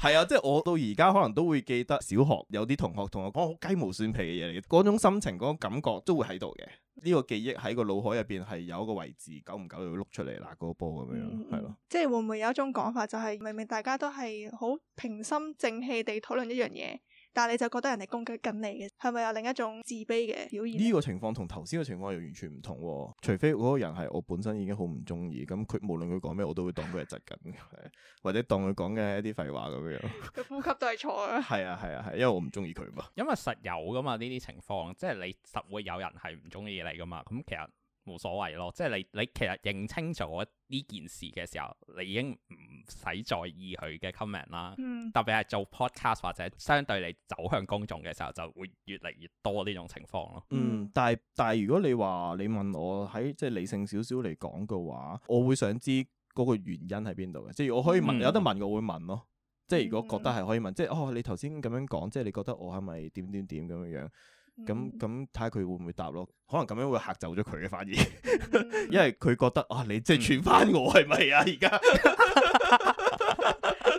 S1: 係啊、嗯嗯，即係我到而家可能都會記得小學有啲同學同我講好雞毛蒜皮嘅嘢嚟嘅，嗰種心情、嗰種感覺都會喺度嘅。呢個記憶喺個腦海入邊係有一個位置，久唔久就會碌出嚟嗱嗰波咁樣，係咯。
S3: 即係會唔會有一種講法，就係明明大家都係好平心靜氣地討論一樣嘢？但係你就覺得人哋攻擊緊你嘅，係咪有另一種自卑嘅表現？呢
S1: 個情況同頭先嘅情況又完全唔同喎，除非嗰個人係我本身已經好唔中意，咁佢無論佢講咩，我都會當佢係窒緊， 或者當佢講嘅係一啲廢話咁樣。
S2: 佢 呼吸都係錯啊！係
S1: 啊係啊係，因為我唔中意佢嘛。
S2: 因為實有噶嘛呢啲情況，即係你實會有人係唔中意你噶嘛。咁其實。冇所謂咯，即係你你其實認清楚呢件事嘅時候，你已經唔使在意佢嘅 comment 啦。嗯、特別係做 podcast 或者相對你走向公眾嘅時候，就會越嚟越多呢種情況咯。嗯，
S1: 但係但係如果你話你問我喺即係理性少少嚟講嘅話，我會想知嗰個原因喺邊度嘅。即係我可以問、嗯、有得問，我會問咯。即係如果覺得係可以問，嗯、即係哦，你頭先咁樣講，即係你覺得我係咪點點點咁樣樣？咁咁睇下佢會唔會答咯？可能咁樣會嚇走咗佢嘅，反而，因為佢覺得、嗯、啊，你即係串返我係咪啊？而家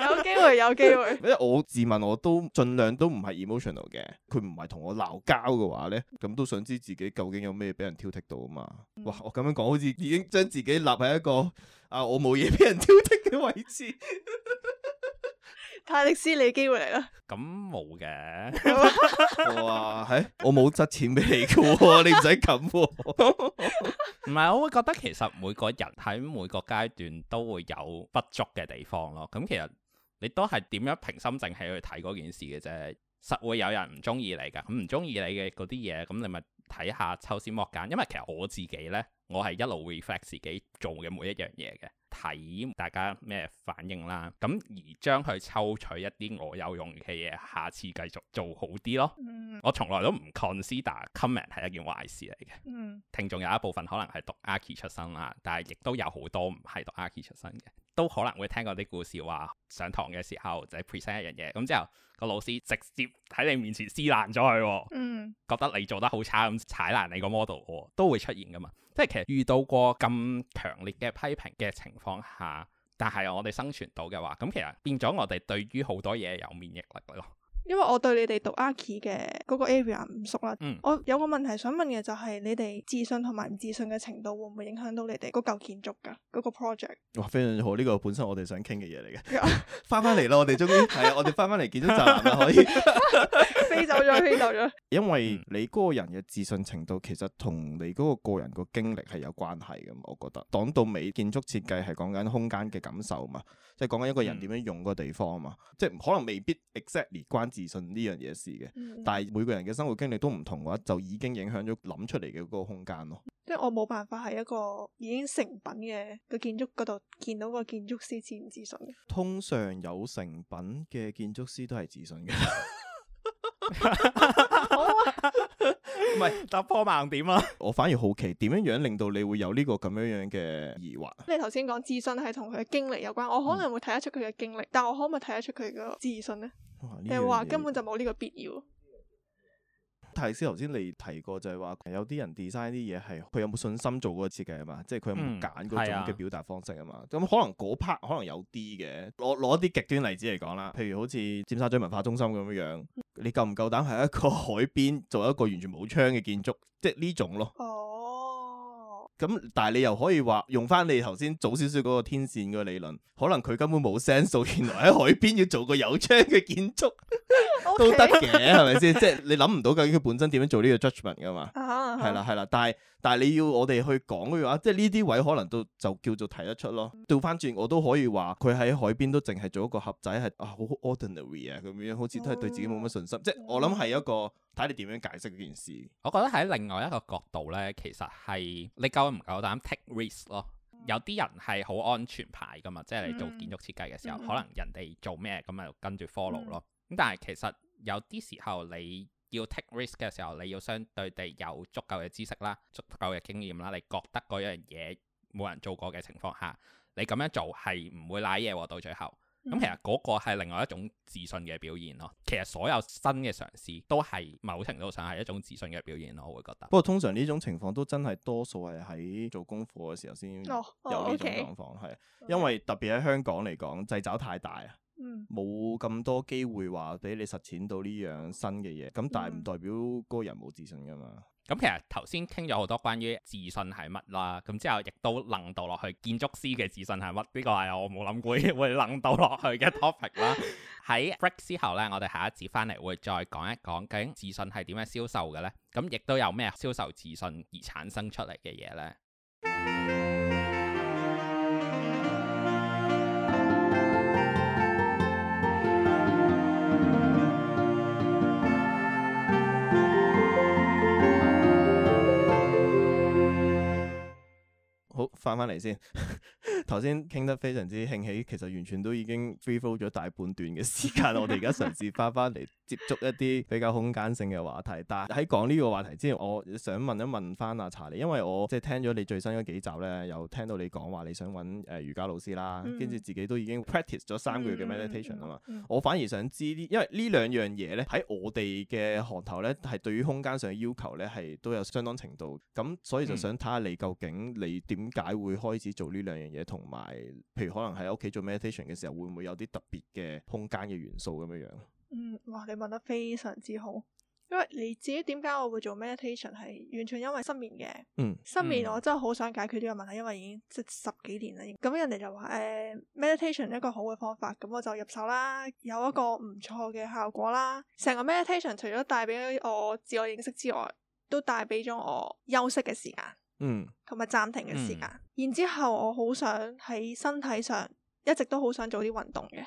S1: 有機會有機會，因為 我自問我都盡量都唔係 emotional 嘅，佢唔係同我鬧交嘅話咧，咁、嗯、都想知自己究竟有咩俾人挑剔到啊嘛！嗯、哇，我咁樣講好似已經將自己立喺一個啊，我冇嘢俾人挑剔嘅位
S3: 置。 泰力斯機，你機會嚟
S2: 啦！
S1: 咁冇嘅，
S2: 哇，係、欸、我冇質錢俾你嘅， 你唔使咁。唔 係， 我會覺得其實每個人喺每個階段都會有不足嘅地方咯。咁其實你都係點樣平心靜氣去睇嗰件事嘅啫？實會有人唔中意你噶，唔中意你嘅嗰啲嘢，咁你咪。睇下抽絲剝繭，因為其實我自己咧，我係一路會 reflect 自己做嘅每一樣嘢嘅，睇大家咩反應啦，咁而將佢抽取一啲我有用嘅嘢，下次繼續做好啲咯。嗯、我從來都唔 consider comment 係一件壞事嚟嘅嗯、聽眾有一部分可能係讀 Archie 出身啦，但係亦都有好多唔係讀 Archie 出身嘅，都可能會聽過啲故事話，上堂嘅時候就係 present 一樣嘢，咁之後個老師直接喺你面前撕爛咗佢，嗯、覺得你做得好差咁。踩爛你個 model 喎，都會出現㗎嘛？即係其實遇到過咁強烈嘅批評嘅情況下，但係我哋生存到嘅話，咁其實變咗我哋對於好多嘢有免疫力咯。
S3: 因為我對你哋讀 archi 嘅嗰個 area 唔熟啦，嗯，我有個問題想問嘅就係你哋自信同埋唔自信嘅程度會唔會影響到你哋嗰嚿建築噶嗰個 project？
S1: 哇，非常好，呢個本身我哋想傾嘅嘢嚟嘅，翻翻嚟咯，我哋終於係啊，我哋翻翻嚟建築站啦，可以
S3: 飛走咗，飛走咗。
S1: 因為你嗰個人嘅自信程度，其實同你嗰個個人個經歷係有關係噶嘛？我覺得，講到尾，建築設計係講緊空間嘅感受嘛，即係講緊一個人點樣用個地方嘛，即係可能未必 exactly 關。自信呢樣嘢事嘅，嗯、但係每個人嘅生活經歷都唔同嘅話，就已經影響咗諗出嚟嘅嗰個空間咯。
S3: 即係我冇辦法喺一個已經成品嘅個建築嗰度見到個建築師自唔自信嘅。
S1: 通常有成品嘅建築師都係自信嘅。唔係 突破盲點啊！ 我反而好奇點樣樣令到你會有呢個咁樣樣嘅疑惑。
S3: 你頭先講自信係同佢嘅經歷有關，我可能會睇得出佢嘅經歷，嗯、但我可唔可以睇得出佢嘅自信咧？
S1: 係話根本
S3: 就冇呢個必要。
S1: 提斯頭先你提過就係話有啲人 design 啲嘢係佢有冇信心做個設計啊嘛，即係佢有冇揀嗰種嘅表達方式、嗯、啊嘛。咁可能嗰 part 可能有啲嘅，攞攞啲極端例子嚟講啦，譬如好似尖沙咀文化中心咁樣樣。嗯。你夠唔夠膽喺一個海邊做一個完全冇窗嘅建築，即係呢種咯。哦。咁，但係你又可以話用翻你頭先早少少嗰個天線嘅理論，可能佢根本冇 sense，原來喺海邊要做個有窗嘅建築。
S5: 都得嘅，係咪先？即係
S1: 你諗唔到究竟佢本身點樣做呢個 judgment 噶嘛？係啦係啦，但係但係你要我哋去講嘅話，即係呢啲位可能都就叫做睇得出咯。倒翻轉，我都可以話佢喺海邊都淨係做一個盒仔，係啊，好 ordinary 啊，咁樣，好似都係對自己冇乜信心。嗯、即係我諗係一個睇你點樣解釋呢件事。我覺得喺另外
S2: 一個角度咧，其實係你夠唔夠膽 take risk 咯？有啲人係好安全牌噶嘛即係你做建築設計嘅時候，嗯嗯、可能人哋做咩咁就跟住 follow 咯。咁但係其實有啲時候你要 take risk 嘅時候，你要相對地有足夠嘅知識啦、足夠嘅經驗啦，你覺得嗰樣嘢冇人做過嘅情況下，你咁樣做係唔會瀨嘢喎。到最後，咁其實嗰個係另外一種自信嘅表現咯。其實所有新嘅嘗試都係某程度上係一種自信嘅表現咯，我會覺得。
S1: 不過通常呢種情況都真係多數係喺做功課嘅時候先有呢種狀況，係、哦 okay. 因為特別喺香港嚟講，掣肘太大啊。冇咁多機會話俾你實踐到呢樣新嘅嘢，咁但係唔代表嗰個人冇自信噶嘛。咁、嗯、其實
S2: 頭先傾咗好多關於自信係乜啦，咁之後亦都諗到落去建築師嘅自信係乜，呢、呢個係我冇諗過會諗到落去嘅 topic 啦。喺 break 之後呢，我哋下一節翻嚟會再講一講究竟自信係點樣銷售嘅呢？咁亦都有咩銷售自信而產生出嚟嘅嘢呢？
S1: 翻翻嚟先，頭先傾得非常之興起，其實完全都已經 freeflow 咗大半段嘅時間， 我哋而家嘗試翻翻嚟。 接觸一啲比較空間性嘅話題，但喺講呢個話題之前，我想問一問翻阿、啊、查理，因為我即係聽咗你最新嗰幾集咧，有聽到你講話你想揾、呃、瑜伽老師啦，跟住、嗯、自己都已經 practice 咗三個月嘅 meditation 啊嘛、嗯。嗯嗯、我反而想知呢，因為呢兩樣嘢咧喺我哋嘅行頭咧，係對於空間上嘅要求咧係都有相當程度咁，所以就想睇下你究竟你點解會開始做呢兩樣嘢，同埋譬如可能喺屋企做 meditation 嘅時候，會唔會有啲特別嘅空間嘅元素咁樣樣？
S3: 嗯，哇！你問得非常之好，因為你至於點解我會做 meditation 係完全因為失眠嘅。嗯，
S4: 失眠我
S3: 真係好想解決呢個問題，因為已經即十幾年啦。咁人哋就話誒、呃，meditation 一個好嘅方法，咁我就入手啦，有一個唔錯嘅效果啦。成個 meditation 除咗帶俾我自我認識之外，都帶俾咗我休息嘅時間，嗯，同埋暫停嘅時間。嗯，然之後我好想喺身體上一直都好想做啲運動嘅。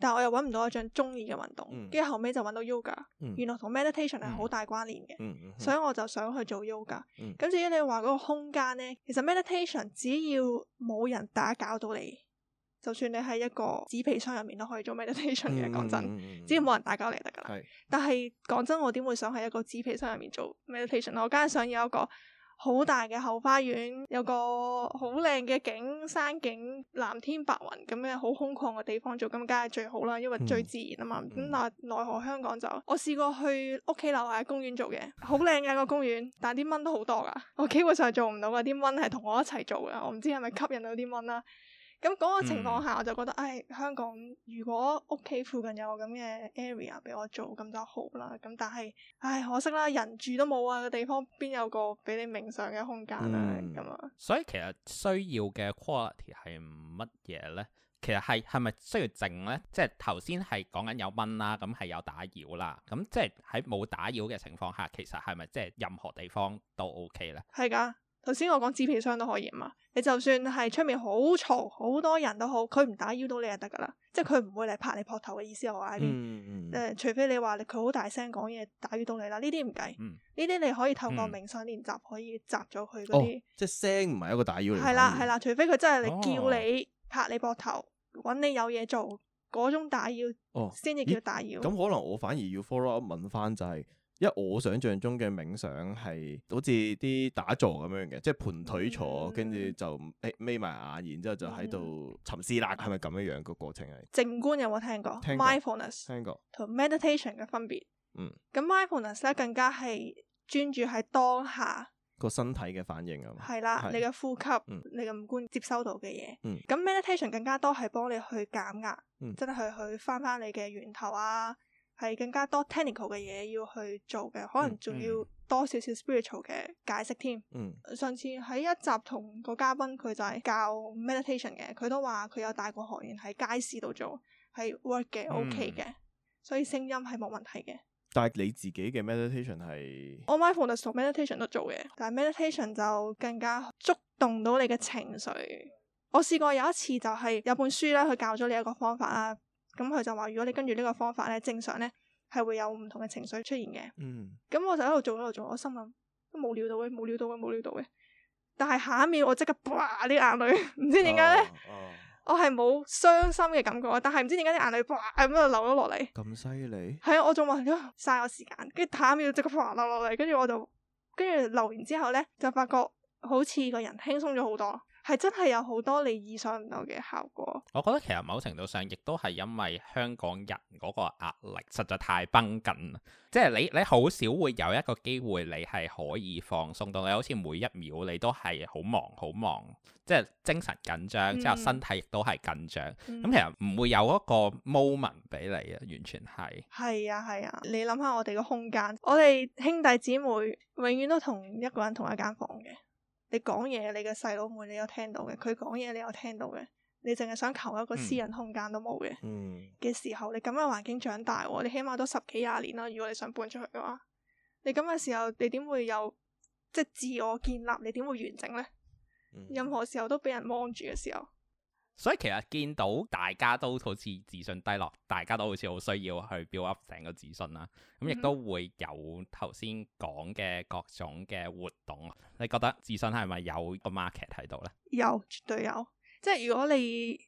S3: 但係我又揾唔到一仗中意嘅運動，跟住後尾就揾到 Yoga。原來同 meditation 係好大關聯嘅，嗯嗯嗯、所以我就想去做 Yoga、嗯。咁至於你話嗰個空間呢？其實 meditation 只要冇人打攪到你，就算你喺一個紙皮箱入面都可以做 meditation 嘅。講、嗯、真，只要冇人打攪你得噶啦。嗯嗯嗯、但係講真，我點會想喺一個紙皮箱入面做 meditation 我梗係想有一個好大嘅後花園，有個好靚嘅景，山景，藍天白雲咁樣好空曠嘅地方做，咁梗係最好啦，因為最自然啊嘛。咁但奈何香港就，我試過去屋企樓下公園做嘢，好靚嘅一個公園，但啲蚊都好多噶，我基本上係做唔到嘅，啲蚊係同我一齊做噶，我唔知係咪吸引到啲蚊啦？咁嗰個情況下，我就覺得，唉，香港如果屋企附近有個咁嘅 area 俾我做咁就好啦。咁但係，唉，可惜啦，人住都冇啊個地方，邊有個俾你冥想嘅空間啊？咁啊、嗯，咁樣，
S2: 所以其實需要嘅 quality 係乜嘢咧？其實係係咪需要靜咧？即係頭先係講緊有蚊啦，咁係有打擾啦。咁即係喺冇打擾嘅情況下，其實係咪即係任何地方都 OK 咧？
S3: 係噶。頭先我講紙皮箱都可以嘛，你就算係出面好嘈，好多人都好，佢唔打擾到你就得噶啦，即係佢唔會嚟拍你膊頭嘅意思我話你，誒、嗯嗯呃，除非你話佢好大聲講嘢，打擾到你啦，呢啲唔計，呢啲，嗯嗯、你可以透過冥想練習可以集咗佢嗰啲，
S1: 即係聲唔係一個打擾嚟，係啦
S3: 係啦，除非佢真係嚟叫你拍你膊頭，搵，哦、你有嘢做嗰種打擾，
S1: 先至叫打擾。咁可能我反而要 follow up 問翻就係，是。因為我想象中嘅冥想係好似啲打坐咁樣嘅，即係盤腿坐，跟住就眯眯埋眼，然之後就喺度沉思啦，係咪咁樣樣個過程係？
S3: 靜觀有冇聽過？聽過。Mindfulness 聽過同 meditation 嘅分別。
S1: 嗯，
S3: 咁 mindfulness 咧更加係專注喺當下
S1: 個身體嘅反應啊。係啦，你嘅呼吸、
S3: 你嘅五官接收到嘅嘢。嗯，咁 meditation 更加多係幫你去減壓，即係去翻翻你嘅源頭啊。係更加多 technical 嘅嘢要去做嘅，可能仲要多少少 spiritual 嘅解釋添。嗯嗯、上次喺一集同個嘉賓佢就係教 meditation 嘅，佢都話佢有帶個學員喺街市度做，係 work 嘅、嗯、OK 嘅，所以聲音係冇問題嘅。
S1: 但係你自己嘅 meditation 係
S3: 我 my phone 度做 meditation 都做嘅，但係 meditation 就更加觸動到你嘅情緒。我試過有一次就係有本書咧，佢教咗你一個方法啊。咁佢就話如果你跟住呢個方法咧，正常咧係會有唔同嘅情緒出現嘅。咁、嗯、我就喺度做，喺度做，我心諗都冇料到嘅，冇料到嘅，冇料到嘅。但係下一秒我即刻嘩，啲眼淚唔知點解咧，哦哦、我係冇傷心嘅感覺，但係唔知點解啲眼淚，嘩咁就流咗落嚟。
S4: 咁犀利？
S3: 係啊，我仲話啊，嘥我時間。跟住下一秒下，即刻嘩流落嚟，跟住我就跟住流完之後咧，就發覺好似個人輕鬆咗好多。係真係有好多你意想唔到嘅效果。
S2: 我覺得其實某程度上亦都係因為香港人嗰個壓力實在太繃緊，即係你你好少會有一個機會你係可以放鬆到，你好似每一秒你都係好忙好忙，即係精神緊張之後身體亦都係緊張。咁、嗯、其實唔會有一個 moment 俾你、嗯、啊，完全係。
S3: 係啊係啊，你諗下我哋個空間，我哋兄弟姊妹永遠都同一個人同一間房嘅。你講嘢，你嘅細佬妹你有聽到嘅，佢講嘢你有聽到嘅，你淨係想求一個私人空間都冇嘅嘅時候，你咁嘅環境長大，哦，你起碼都十幾廿年啦。如果你想搬出去嘅話，你咁嘅時候，你點會有即係自我建立？你點會完整咧？任何時候都俾人望住嘅時候。
S2: 所以其實見到大家都好似自信低落，大家都好似好需要去 build up 成個自信啦、啊。咁、嗯、亦都會有頭先講嘅各種嘅活動。你覺得自信係咪有個 market 喺度呢？
S3: 有，絕對有。即係如果你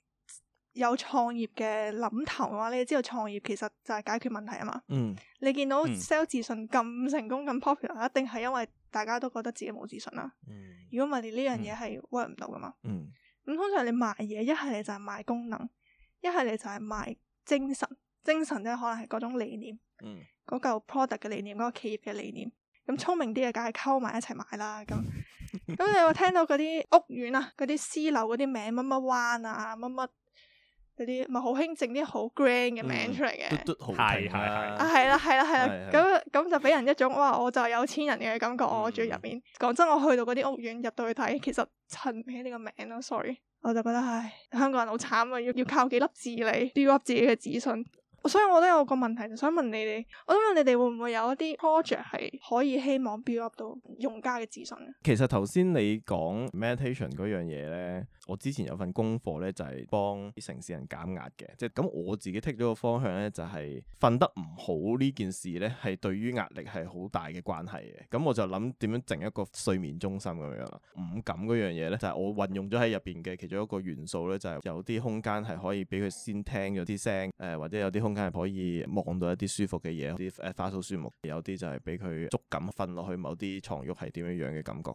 S3: 有創業嘅諗頭嘅話，你知道創業其實就係解決問題啊嘛。嗯。你見到 sell、嗯、自信咁成功咁 popular，一定係因為大家都覺得自己冇自信啦、啊嗯嗯。嗯。如果唔係，呢樣嘢係 work 唔到噶嘛。嗯。咁通常你賣嘢，一係你就係賣功能，一係你就係賣精神，精神咧，可能係各種理念，嗯，嗰嚿 product 嘅理念，個企業嘅理念，咁聰明啲嘅梗係溝埋一齊賣啦，咁、 嗯，咁你有聽到啲屋苑啊，啲私樓啲名乜乜灣啊，乜乜？啲咪好興整啲好 grand 嘅名出嚟嘅，嗯嗯，
S5: 都都好聽，係係係啊，係啦係啦係啦，咁
S3: 咁就俾人一種哇，我就係有錢人嘅感覺。我住入面，講、嗯、真，我去到嗰啲屋苑入到去睇，其實襯唔起呢個名咯。Sorry，我就覺得唉，香港人好慘啊，要要靠幾粒字嚟、嗯、build up 自己嘅自信。所以我都有個問題，想問你哋，我想問你哋會唔會有一啲 project 係可以希望 build up 到用家嘅自信？
S1: 其實頭先你講 meditation 嗰樣嘢咧。我之前有份功課咧，就係幫啲城市人減壓嘅，即係咁我自己剔咗個方向咧，就係、是、瞓得唔好呢件事咧，係對於壓力係好大嘅關係嘅。咁我就諗點樣整一個睡眠中心咁樣啦。五感嗰樣嘢咧，就係、是、我運用咗喺入邊嘅其中一個元素咧，就係、是、有啲空間係可以俾佢先聽咗啲聲，誒、呃、或者有啲空間係可以望到一啲舒服嘅嘢，啲誒花草樹木，有啲就係俾佢觸感瞓落去某啲床褥係點樣樣嘅感覺，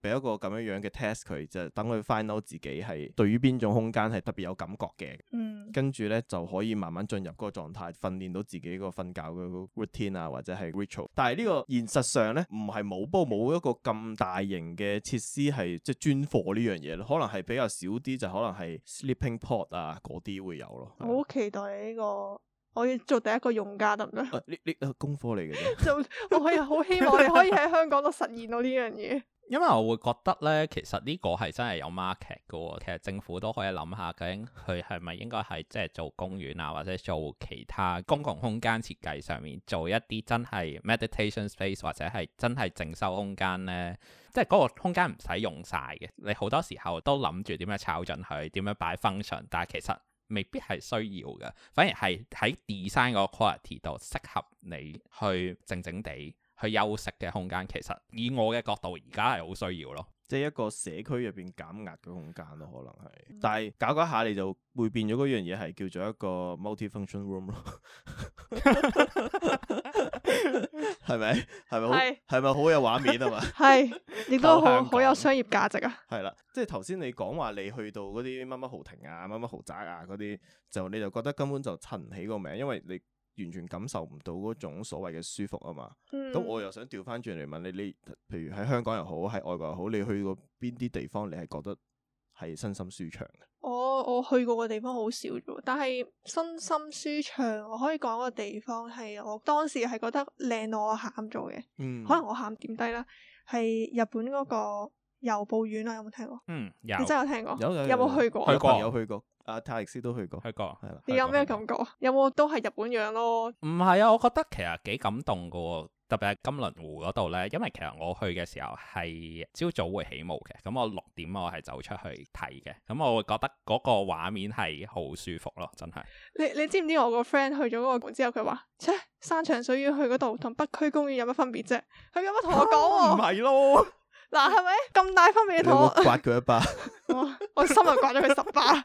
S1: 俾一個咁樣樣嘅 test 佢，就等、是、佢 find out 自己。係對於邊種空間係特別有感覺嘅。嗯、跟住咧就可以慢慢進入嗰個狀態，訓練到自己個瞓覺嘅 routine 啊，或者係 ritual。但係呢個現實上咧，唔係冇，不過冇一個咁大型嘅設施係即係專貨呢樣嘢咯，可能係比較少啲，就可能係 sleeping pod 啊嗰啲會有咯。
S3: 好期待呢、呢個，可以做第一個用家
S2: 得唔得？
S1: 呢呢、啊 啊啊、功課嚟嘅啫，
S3: 就我可以好 希望你可以喺香港度實現到呢樣嘢。
S2: 因為我會覺得咧，其實呢個係真係有 market 嘅喎、哦。其實政府都可以諗下，究竟佢係咪應該係即係做公園啊，或者做其他公共空間設計上面做一啲真係 meditation space 或者係真係靜修空間呢？即係嗰個空間唔使用晒嘅，你好多時候都諗住點樣炒進去，點樣擺 function，但係其實未必係需要嘅。反而係喺 design 個 quality 度適合你去靜靜地。去休息嘅空間，其實以我嘅角度
S1: 而家係好需要咯，即係一個社區入邊減壓嘅空間咯、啊，可能係，嗯、但係搞搞下你就會變咗嗰樣嘢係叫做一個 multi-function room 咯，係咪？係咪好？係咪好有畫面啊嘛？
S5: 係
S3: 亦都好好 有商業價值啊！
S1: 係啦，即係頭先你講話你去到嗰啲乜乜豪庭啊、乜乜豪宅啊嗰啲，就你就覺得根本就襯唔起個名，因為你。完全感受唔到嗰種所謂嘅舒服啊嘛，咁、嗯、我又想調翻轉嚟問你，你譬如喺香港又好，喺外國又好，你去過邊啲地方，你係覺得係身心舒暢？
S3: 我我去過嘅地方好少啫喎，但係身心舒暢，我可以講個地方係我當時係覺得靚到我喊咗嘅，嗯、可能我喊點低啦，係日本嗰個由布院啊，有冇聽過？嗯，有，你真係有聽過，有、嗯、有冇去過？有，有，有，有，有
S1: 去過。去過去過。啊，泰迪斯都去過，去過係啦。了過你有
S3: 咩感覺？嗯、有冇都係日本樣咯？
S1: 唔係
S2: 啊，我覺得其實幾感動噶、哦，特別係金鱗湖嗰度咧，因為其實我去嘅時候係朝早會起霧嘅，咁我六點我係走出去睇嘅，咁我會覺得嗰個畫面係好舒服咯，真係。
S3: 你你知唔知我個 friend 去咗嗰個湖之後，佢話：切，山長水遠去嗰度，同北區公園有乜分別啫？佢有乜同我講？唔係咯。嗱，係咪咁大幅面圖？有冇刮
S1: 佢一巴 、
S3: 哦！我心入刮咗佢十巴。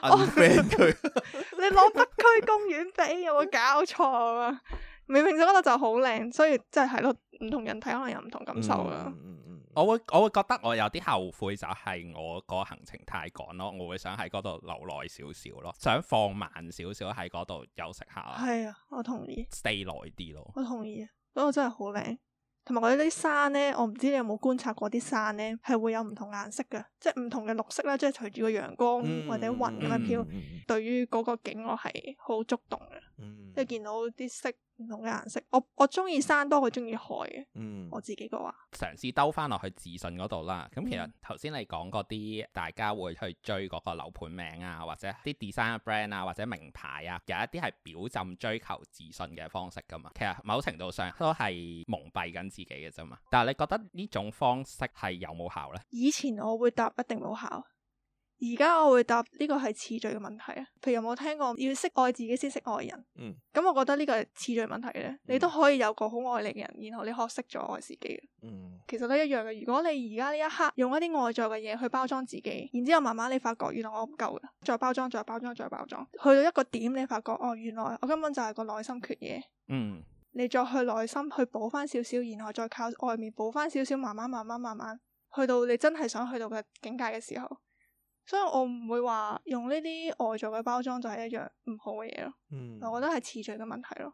S3: 你攞北區公園比有冇搞錯啊？明明嗰度就好靚，所以即係係咯，唔同人睇可能有唔同感受啊。嗯嗯
S2: 我會我會覺得我有啲後悔，就係我個行程太趕咯，我會想喺嗰度留耐少少咯，想放慢少少喺嗰度休息下。係啊，我同意。stay 耐啲咯。
S3: 我同意，嗰度真係好靚。同埋嗰啲啲山咧，我唔知你有冇觀察過啲山咧，係會有唔同顏色嘅，即係唔同嘅綠色啦，即係隨住個陽光或者雲咁樣飄。對於嗰個景，我係好觸動嘅，即係見到啲色。唔同嘅顏色，我我中意山多，佢中意海嘅。嗯，我自己嘅話
S2: 嘗試兜翻落去自信嗰度啦。咁其實頭先你講嗰啲，大家會去追嗰個樓盤名啊，或者啲 design brand 啊，或者名牌啊，有一啲係表浸追求自信嘅方式噶嘛。其實某程度上都係蒙蔽緊自己嘅啫嘛。但係你覺得呢種方式係有冇效咧？
S3: 以前我會答一定冇效。而家我會答呢個係次序嘅問題啊。譬如有冇聽過要識愛自己先識愛人？嗯，咁我覺得呢個係次序問題嘅。你都可以有個好愛你嘅人，然後你學識咗愛自己。嗯，其實都一樣嘅。如果你而家呢一刻用一啲外在嘅嘢去包裝自己，然之後慢慢你發覺，原來我唔夠嘅。再包裝，再包裝，再包裝，去到一個點，你發覺哦，原來我根本就係個內心缺嘢。嗯，你再去內心去補翻少少，然後再靠外面補翻少少，慢慢慢慢慢慢去到你真係想去到嘅境界嘅時候。所以我唔會話用呢啲外在嘅包裝就係一樣唔好嘅嘢咯，嗯、我覺得係次序嘅問題咯。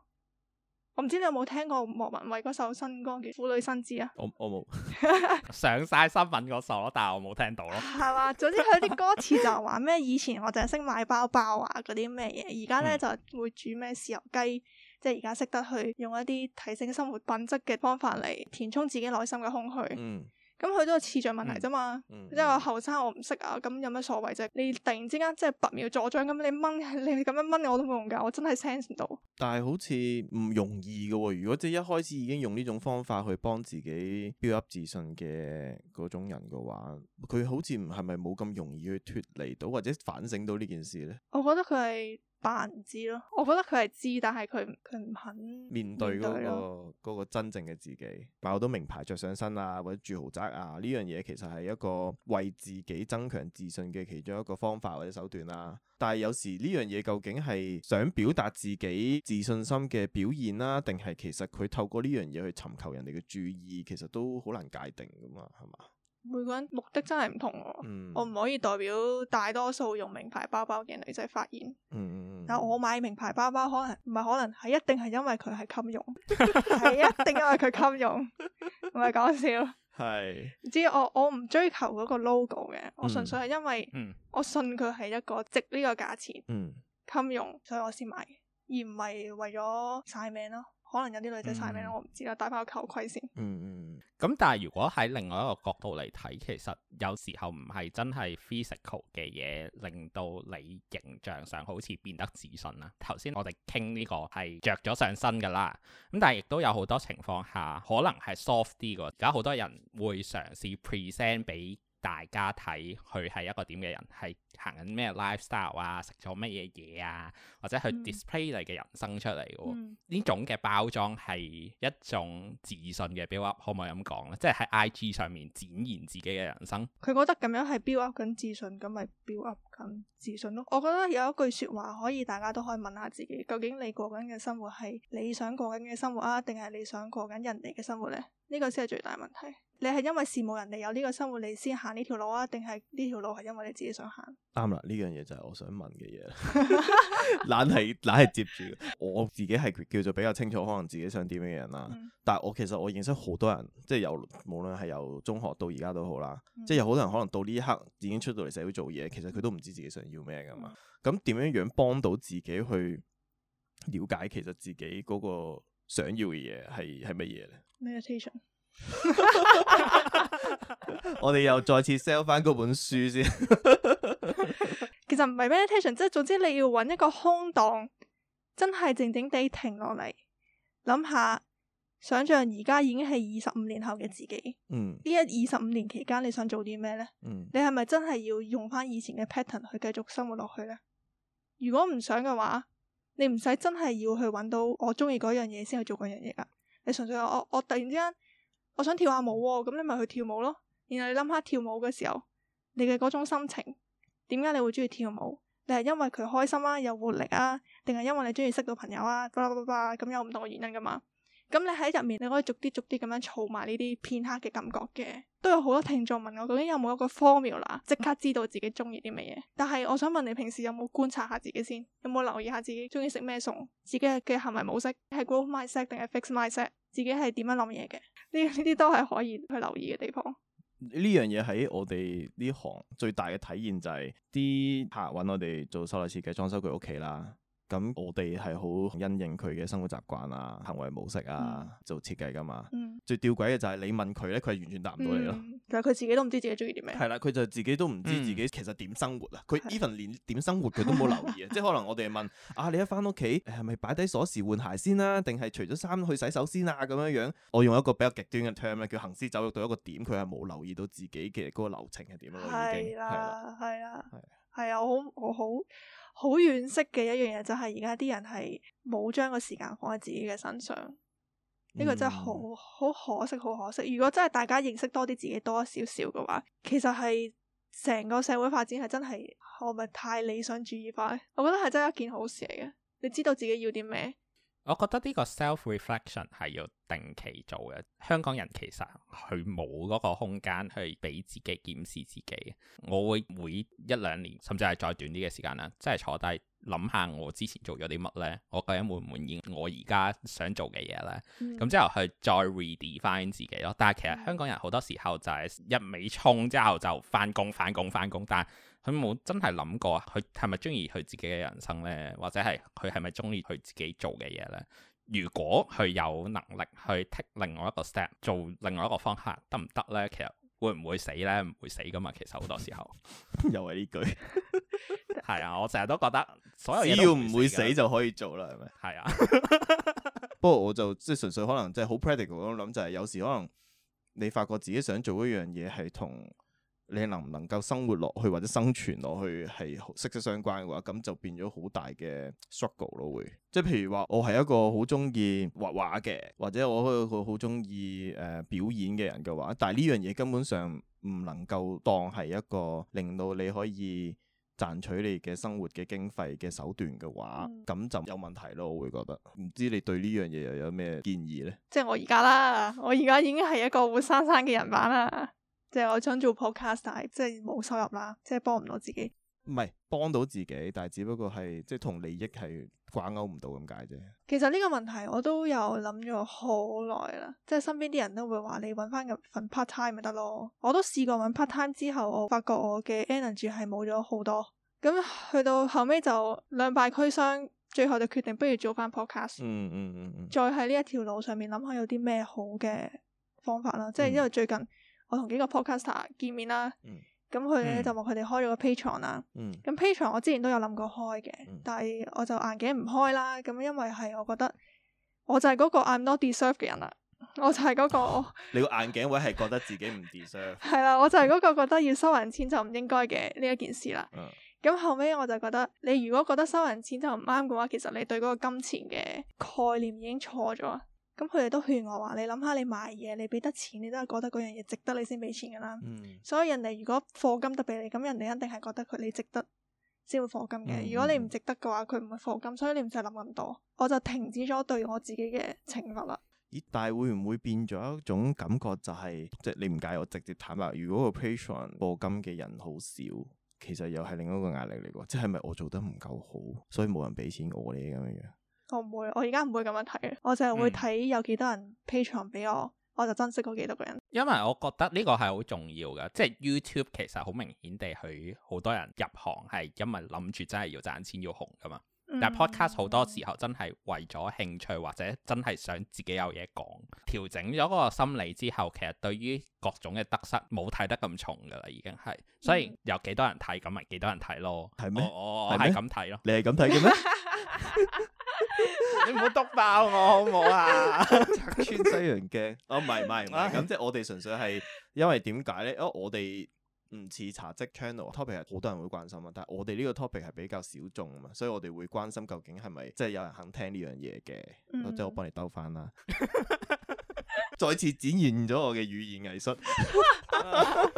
S3: 我唔知你有冇聽過莫文蔚嗰首新歌叫《婦女新知》啊？
S2: 我我冇 上晒新聞嗰首咯，但係我冇聽到咯。係
S3: 嘛？總之佢啲歌詞就話咩？以前我淨係識買包包啊，嗰啲咩嘢，而家咧就會煮咩豉油雞，嗯、即係而家識得去用一啲提升生活品質嘅方法嚟填充自己內心嘅空虛。嗯。咁佢都係次序問題啫嘛，即係話後生我唔識啊，咁有乜所謂啫？你突然之間即係拔苗助長咁，你掹你咁樣掹我都冇用㗎，我真係 sense 到。
S1: 但係好似唔容易嘅喎，如果即係一開始已經用呢種方法去幫自己 build up 自信嘅嗰種人嘅話，佢好似唔係咪冇咁容易去脱離到或者反省到呢件事咧？ 是是
S3: 事呢我覺得佢係。扮知咯，我覺得佢係知，但係佢佢唔肯
S1: 面對嗰個嗰個真正嘅自己，買好多名牌着上身啊，或者住豪宅啊，呢樣嘢其實係一個為自己增強自信嘅其中一個方法或者手段啦、啊。但係有時呢樣嘢究竟係想表達自己自信心嘅表現啦、啊，定係其實佢透過呢樣嘢去尋求人哋嘅注意，其實都好難界定噶嘛，係嘛？
S3: 每個人目的真係唔同，嗯、我唔可以代表大多數用名牌包包嘅女仔發言。嗯、但我買名牌包包，可能唔係，可能係一定係因為佢係襟用，係 一定因為佢襟用，唔係講笑。
S1: 係
S4: 是，
S3: 唔知我我唔追求嗰個 logo 嘅，我純粹係因為我信佢係一個值呢個價錢，襟、嗯、用所以我先買，而唔係為咗晒命咯。可能有啲女仔晒命我唔知啦，戴翻個頭盔先。嗯
S2: 嗯，咁但係如果喺另外一個角度嚟睇，其實有時候唔係真係 physical 嘅嘢令到你形象上好似變得自信啦。頭先我哋傾呢個係着咗上身㗎啦，咁但係亦都有好多情況下可能係 soft 啲㗎。而家好多人會嘗試 present 俾。大家睇佢係一個點嘅人，係行緊咩 lifestyle 啊，食咗乜嘢嘢啊，或者佢 display 嚟嘅人生出嚟喎，呢、嗯嗯、種嘅包裝係一種自信嘅 Build Up，可唔可以咁講咧？即係喺 IG 上面展現自己嘅人生。
S3: 佢覺得咁樣係 Build Up 緊自信，咁咪 Build Up 緊自信咯。我覺得有一句説話可以大家都可以問下自己，究竟你過緊嘅生活係你想過緊嘅生活啊，定係你想過緊人哋嘅生活咧？呢個先係最大問題。你係因為羨慕人哋有呢個生活，你先行呢條路啊？定係呢條路係因為你自己想行？
S1: 啱啦，呢樣嘢就係我想問嘅嘢。懶係懶係接住，我自己係叫做比較清楚，可能自己想點樣嘅人啦。嗯、但係我其實我認識好多人，即係由無論係由中學到而家都好啦，嗯、即係有好多人可能到呢一刻已經出到嚟社會做嘢，其實佢都唔知自己想要咩噶嘛。咁點樣樣幫到自己去了解，其實自己嗰個想要嘅嘢係係乜嘢咧？meditation，我哋又再次 sell 翻嗰本書先。
S3: 其實唔係 meditation，即係總之你要揾一個空檔，真係靜靜地停落嚟，諗下，想象而家已經係二十五年後嘅自己。嗯，呢一二十五年期間你想做啲咩呢？嗯，你係咪真係要用翻以前嘅 pattern 去繼續生活落去呢？如果唔想嘅話，你唔使真係要去揾到我中意嗰樣嘢先去做嗰樣嘢㗎。你純粹我我突然之間我想跳下舞喎、哦，咁你咪去跳舞咯。然後你諗下跳舞嘅時候，你嘅嗰種心情，點解你會鍾意跳舞？你係因為佢開心啊，有活力啊，定係因為你鍾意識到朋友啊？叭叭叭咁有唔同嘅原因噶嘛？咁你喺入面你可以逐啲逐啲咁樣儲埋呢啲片刻嘅感覺嘅。都有好多聽眾問我究竟有冇一個 formula 即刻知道自己中意啲乜嘢？但係我想問你平時有冇觀察下自己先，有冇留意下自己中意食咩餸，自己嘅行為模式係 growth mindset 定係 fix mindset，自己係點樣諗嘢嘅？呢呢啲都係可以去留意嘅地方。
S1: 呢樣嘢喺我哋呢行最大嘅體驗就係、是、啲客揾我哋做室內設計裝修佢屋企啦。咁我哋係好因應佢嘅生活習慣啊、行為模式啊做設計噶嘛，嗯、最吊詭嘅就係你問佢咧，佢係完全答唔到你咯。
S3: 但係佢自己都唔知自己中意啲咩。係
S1: 啦，佢就自己都唔知自己、嗯、其實點生活啊。佢 even 連點生活佢都冇留意啊。 即係可能我哋係問啊，你一翻屋企係咪擺低鎖匙換鞋、啊、先啦，定係除咗衫去洗手先啊？咁樣樣，我用一個比較極端嘅 term 咧，叫行屍走肉到一個點，佢係冇留意到自己嘅嗰個流程係點咯，已
S3: 經係啦，係的係啊，我我好好惋惜嘅一樣嘢，就係而家啲人係冇將個時間放喺自己嘅身上，呢個真係好好可惜，好可惜。如果真係大家認識多啲自己多少少嘅話，其實係成個社會發展係真係我咪太理想主義化。我覺得係真係一件好事嚟嘅，你知道自己要啲咩。
S2: 我覺得呢個 self reflection 係要定期做嘅。香港人其實佢冇嗰個空間去俾自己檢視自己。我會每一兩年，甚至係再短啲嘅時間啦，即係坐低諗下我之前做咗啲乜呢？我究竟滿唔滿意我而家想做嘅嘢呢？咁，嗯，之後去再 redefine 自己咯。但係其實香港人好多時候就係一味衝之後就翻工翻工翻工，但係。佢冇真係諗過啊！佢係咪中意佢自己嘅人生呢？或者係佢係咪中意佢自己做嘅嘢呢？如果佢有能力去 take 另外一個 step，做另外一個方向得唔得呢？其實會唔會死呢？唔會死噶嘛！其實好多時候又係呢句，係 啊！我成日都覺得所有只要唔會死就可以做啦，係咪？係
S1: 啊。不過我就即係純粹可能即係好 practical 咁諗，就係有時可能你發覺自己想做一樣嘢係同。你能唔能夠生活落去或者生存落去係息息相關嘅話，咁就變咗好大嘅 struggle 咯。會即係譬如話，我係一個好中意畫畫嘅，或者我係個好中意誒表演嘅人嘅話，但係呢樣嘢根本上唔能夠當係一個令到你可以賺取你嘅生活嘅經費嘅手段嘅話，咁、嗯、就有問題咯。我會覺得，唔知你對呢樣嘢又有咩建議呢？
S3: 即係我而家啦，我而家已經係一個活生生嘅人版啦。嗯。即係我想做 podcast，但係即係冇收入啦，即係幫唔到自己。
S1: 唔係幫到自己，但係只不過係即係同利益係掛鈎唔到咁解啫。
S3: 其實呢個問題我都有諗咗好耐啦，即係身邊啲人都會話你搵翻份 part time 咪得咯。我都試過搵 part time 之後，我發覺我嘅 energy 係冇咗好多。咁去到後尾就兩敗俱傷，最後就決定不如做翻 podcast，嗯。嗯嗯嗯嗯。
S5: 嗯，
S3: 再喺呢一條路上面諗下有啲咩好嘅方法啦，即係因為最近、嗯。我同幾個 podcaster 見面啦，咁佢哋就話佢哋開咗個 Patreon 啦、嗯，咁 Patreon 我之前都有諗過開嘅，嗯、但係我就硬頸唔開啦，咁因為係我覺得我就係嗰個 I'm not deserve 嘅人啦，我就係嗰、嗰個。
S1: 哦、 你硬頸位係覺得自己唔 deserve？
S3: 係啦， 我就係嗰個覺得要收人錢就唔應該嘅呢一件事啦。咁、嗯、後尾我就覺得，你如果覺得收人錢就唔啱嘅話，其實你對嗰個金錢嘅概念已經錯咗。咁佢哋都勸我話：你諗下你，你買嘢，你俾得錢，你都係覺得嗰樣嘢值得你先俾錢噶啦。嗯、所以人哋如果課金得俾你，咁人哋一定係覺得佢你值得先會課金嘅。嗯、如果你唔值得嘅話，佢唔會課金，所以你唔使諗咁多。我就停止咗對我自己嘅懲罰啦。
S1: 咦？但係會唔會變咗一種感覺、就是，就係即係你唔介意我直接坦白？如果個 patron 課金嘅人好少，其實又係另一個壓力嚟嘅，即係咪我做得唔夠好，所以冇人俾錢我咧咁樣樣？
S3: 我唔會，我而家唔會咁樣睇，我就係會睇有幾多人 Patreon 俾我，嗯、我就珍惜嗰幾多個人。
S1: 因為我覺得呢個
S2: 係好重要嘅，即係 YouTube 其實好明顯地，佢好多人入行係因為諗住真係要賺錢、要紅噶嘛。嗯、但係 Podcast 好多時候真係為咗興趣或者真係想自己有嘢講，調整咗嗰個心理之後，其實對於各種嘅得失冇睇得咁重噶啦，已經係。所以有幾多人睇，咁咪幾多人睇咯，係咩
S1: 嗎？係咁睇咯，你係咁睇嘅咩？ 你唔好督爆我好唔好啊？拆穿 西洋鏡哦，唔係唔係唔係，咁即係我哋純粹係因為點解咧？哦，我哋唔似 Chajik channel topic 係好多人會關心啊，但係我哋呢個 topic 係比較小眾啊，嘛，所以我哋會關心究竟係咪即係有人肯聽呢樣嘢嘅？即係、mm hmm. 我幫你兜翻啦， 再次展現咗我嘅語言藝術。 啊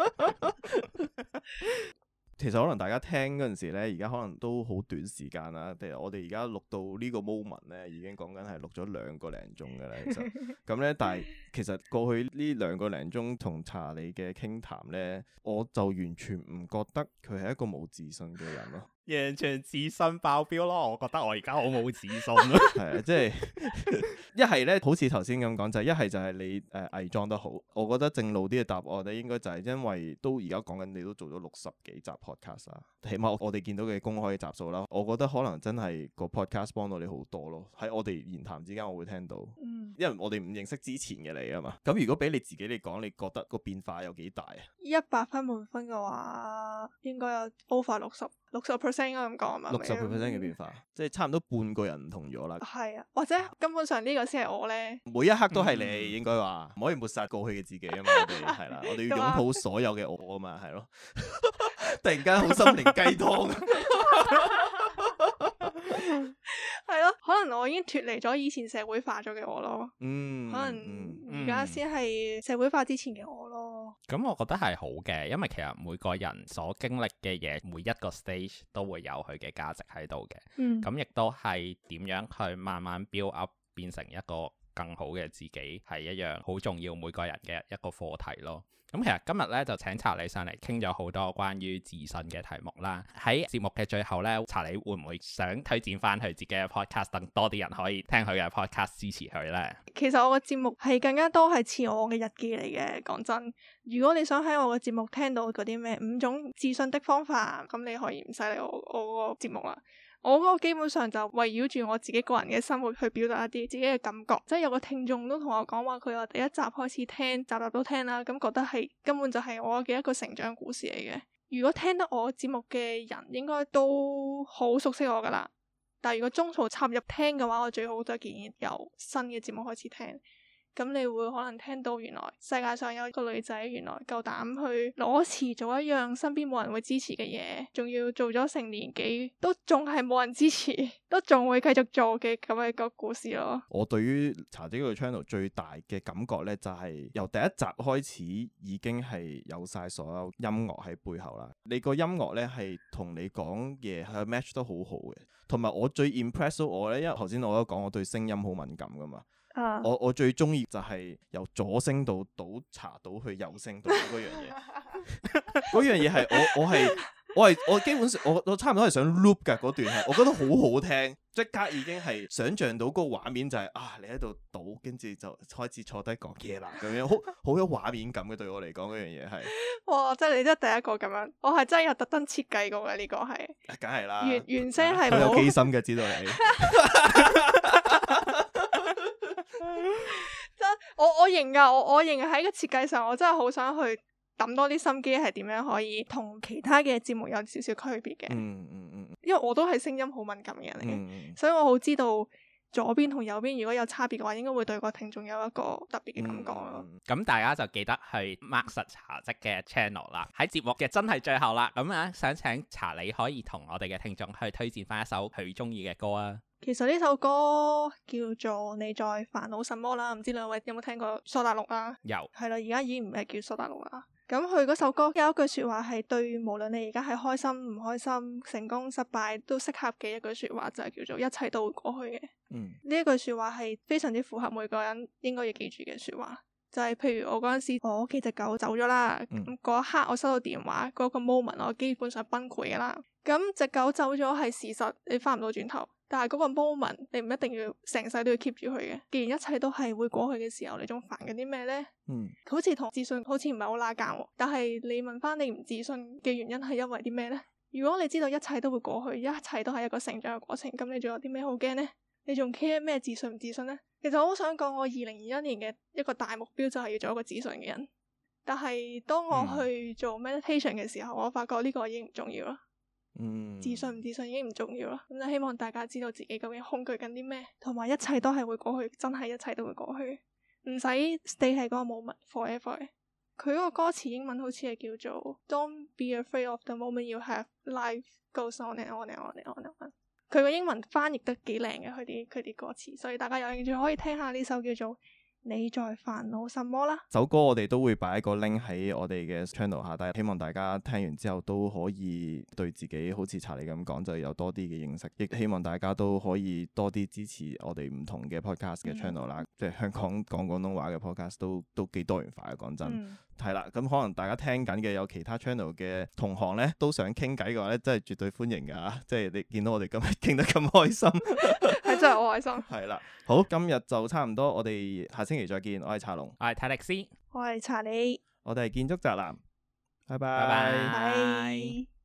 S1: 其實可能大家聽嗰陣時咧，而家可能都好短時間啦，譬如我哋而家錄到呢個 moment 咧，已經講緊係錄咗兩個零鐘㗎喇，其實咁咧， 但係。其實過去呢兩個零鐘同查理嘅傾談呢，我就完全唔覺得佢係一個冇自信嘅人咯。
S2: 完全自信爆表咯，我覺得我而家好冇自信咯。係 啊，即
S1: 係一係呢，好似頭先咁講就係一係就係你誒、呃、偽裝得好。我覺得正路啲嘅答案呢，應該就係因為都而家講緊你都做咗六十幾集 podcast 啊，起碼我哋見到嘅公開嘅集數啦。我覺得可能真係個 podcast 幫到你好多咯。喺我哋言談之間，我會聽到，嗯、因為我哋唔認識之前嘅你。啊嘛，咁如果俾你自己嚟講，你覺得個變化有幾大啊？
S3: 一百分滿分嘅話，應該有 over 六十、六十 percent 應該咁講啊嘛。六十 percent
S1: 嘅變化，嗯、即係差唔多半個人唔同咗啦。
S3: 係啊，或者根本上個呢個先係我咧。
S1: 每一刻都係你，嗯、應該話唔可以抹殺過去嘅自己我哋 啊嘛。係啦，我哋要擁抱所有嘅我啊嘛。係咯、啊， 突然間好心靈雞湯。
S3: 係咯，可能我已經脫離咗以前社會化咗嘅我咯。
S2: 嗯，可能
S3: 而家先係社會化之前嘅我咯。
S2: 咁、嗯嗯嗯、我覺得係好嘅，因為其實每個人所經歷嘅嘢，每一個 stage 都會有佢嘅價值喺度嘅。嗯，咁亦都係點樣去慢慢 build up 變成一個更好嘅自己，係一樣好重要每個人嘅一個課題咯。咁其實今日咧就請茶理上嚟傾咗好多關於自信嘅題目啦。喺節目嘅最後咧，茶理會唔會想推薦翻佢自己嘅 podcast，等多啲人可以聽佢嘅 podcast 支持佢咧？
S3: 其實我嘅節目係更加多係似我嘅日記嚟嘅。講真，如果你想喺我嘅節目聽到嗰啲咩五種自信的方法，咁你可以唔使理我，我個節目啦。我嗰個基本上就圍繞住我自己個人嘅生活去表達一啲自己嘅感覺，即係有個聽眾都同我講話，佢話第一集開始聽，集集都聽啦，咁覺得係根本就係我嘅一個成長故事嚟嘅。如果聽得我節目嘅人應該都好熟悉我噶啦，但係如果中途插入聽嘅話，我最好都係建議由新嘅節目開始聽。咁你會可能聽到原來世界上有一個女仔，原來夠膽去攞錢做一樣身邊冇人會支持嘅嘢，仲要做咗成年幾，都仲係冇人支持，都仲會繼續做嘅咁樣一個故事咯。
S1: 我對於茶理呢個 channel 最大嘅感覺咧，就係由第一集開始已經係有晒所有音樂喺背後啦。你個音樂咧，係同你講嘢 match 都好好嘅，同埋我最 impress 我咧，因為頭先我都講我對聲音好敏感噶嘛。我我最中意就係由左聲道倒查到去右聲道嗰樣嘢，嗰樣嘢係我我係我係我基本上我我差唔多係想 loop 噶嗰段係，我覺得好好聽，即刻已經係想象到嗰個畫面就係、是、啊你喺度倒，跟住就開始坐低講嘢啦，咁樣好好有畫面感嘅，對我嚟講，嗰樣嘢係
S3: 哇，即係你都係第一個咁樣，我係真係有特登設計過嘅呢、這個係，
S1: 梗係啦，原
S3: 原聲係好有機心
S1: 嘅，知道你。
S3: 真我我認噶，我我認喺個設計上，我真係好想去抌多啲心機，係點樣可以同其他嘅節目有少少區別嘅。嗯嗯嗯，因為我都係聲音好敏感嘅人嚟嘅，所以我好知道左邊同右邊如果有差別嘅話，應該會對個聽眾有一個特
S2: 別嘅感覺咯。咁大家就記得去 mark 實茶理嘅 channel 啦。喺節目嘅真係最後啦，咁啊想請茶理可以同我哋嘅聽眾去推薦翻一首佢中意嘅歌啊。
S3: 其實呢首歌叫做《你在煩惱什麼》啦，唔知兩位有冇聽過蘇打綠啦？有。係啦、啊，而家已經唔係叫蘇打綠啦。咁佢嗰首歌有一句說話係對，無論你而家係開心唔開心、成功失敗，都適合嘅一句說話就係、是、叫做一切都會過去嘅。呢一、嗯、句說話係非常之符合每個人應該要記住嘅說話，就係、是、譬如我嗰陣時我屋企隻狗走咗啦，咁嗰、嗯、一刻我收到電話嗰、那個 moment，我基本上崩潰噶啦。咁隻狗走咗係事實，你翻唔到轉頭。但係嗰個 moment，你唔一定要成世都要 keep 住佢嘅。既然一切都係會過去嘅時候，你仲煩緊啲咩呢？
S4: 嗯，
S3: 好似同自信好似唔係好拉更。但係你問翻你唔自信嘅原因係因為啲咩呢？如果你知道一切都會過去，一切都係一個成長嘅過程，咁你仲有啲咩好驚呢？你仲 care 咩自信唔自信呢？其實我好想講，我二零二一年嘅一個大目標就係要做一個自信嘅人。但係當我去做 meditation 嘅時候，嗯、我發覺呢個已經唔重要啦。自信唔自信已經唔重要啦，咁就希望大家知道自己究竟恐懼緊啲咩，同埋一切都係會過去，真係一切都會過去，唔使 stay 喺嗰個 moment forever。佢嗰個歌詞英文好似係叫做 Don't be afraid of the moment you have, life goes on and on and on and on and on。佢個英文翻譯得幾靚嘅，佢啲佢啲歌詞，所以大家有興趣可以聽下呢首叫做。你在煩惱什麼啦？
S1: 首歌我哋都會擺個 link 喺我哋嘅 channel 下，但係希望大家聽完之後都可以對自己好似茶理咁講，就有多啲嘅認識。亦希望大家都可以多啲支持我哋唔同嘅 podcast 嘅 channel 啦。嗯、即係香港講廣東話嘅 podcast 都都幾多元化嘅，講真係啦。咁、嗯、可能大家聽緊嘅有其他 channel 嘅同行咧，都想傾偈嘅話咧，真係絕對歡迎噶吓。即係你見到我哋今日傾得咁開心。
S3: 真係好開心，
S1: 係啦， 好，今日就差唔多，我哋下星期再見。我係茶龍，我係泰歷斯，
S3: 我係茶理，
S1: 我哋係建築宅男，拜拜拜拜。Bye bye。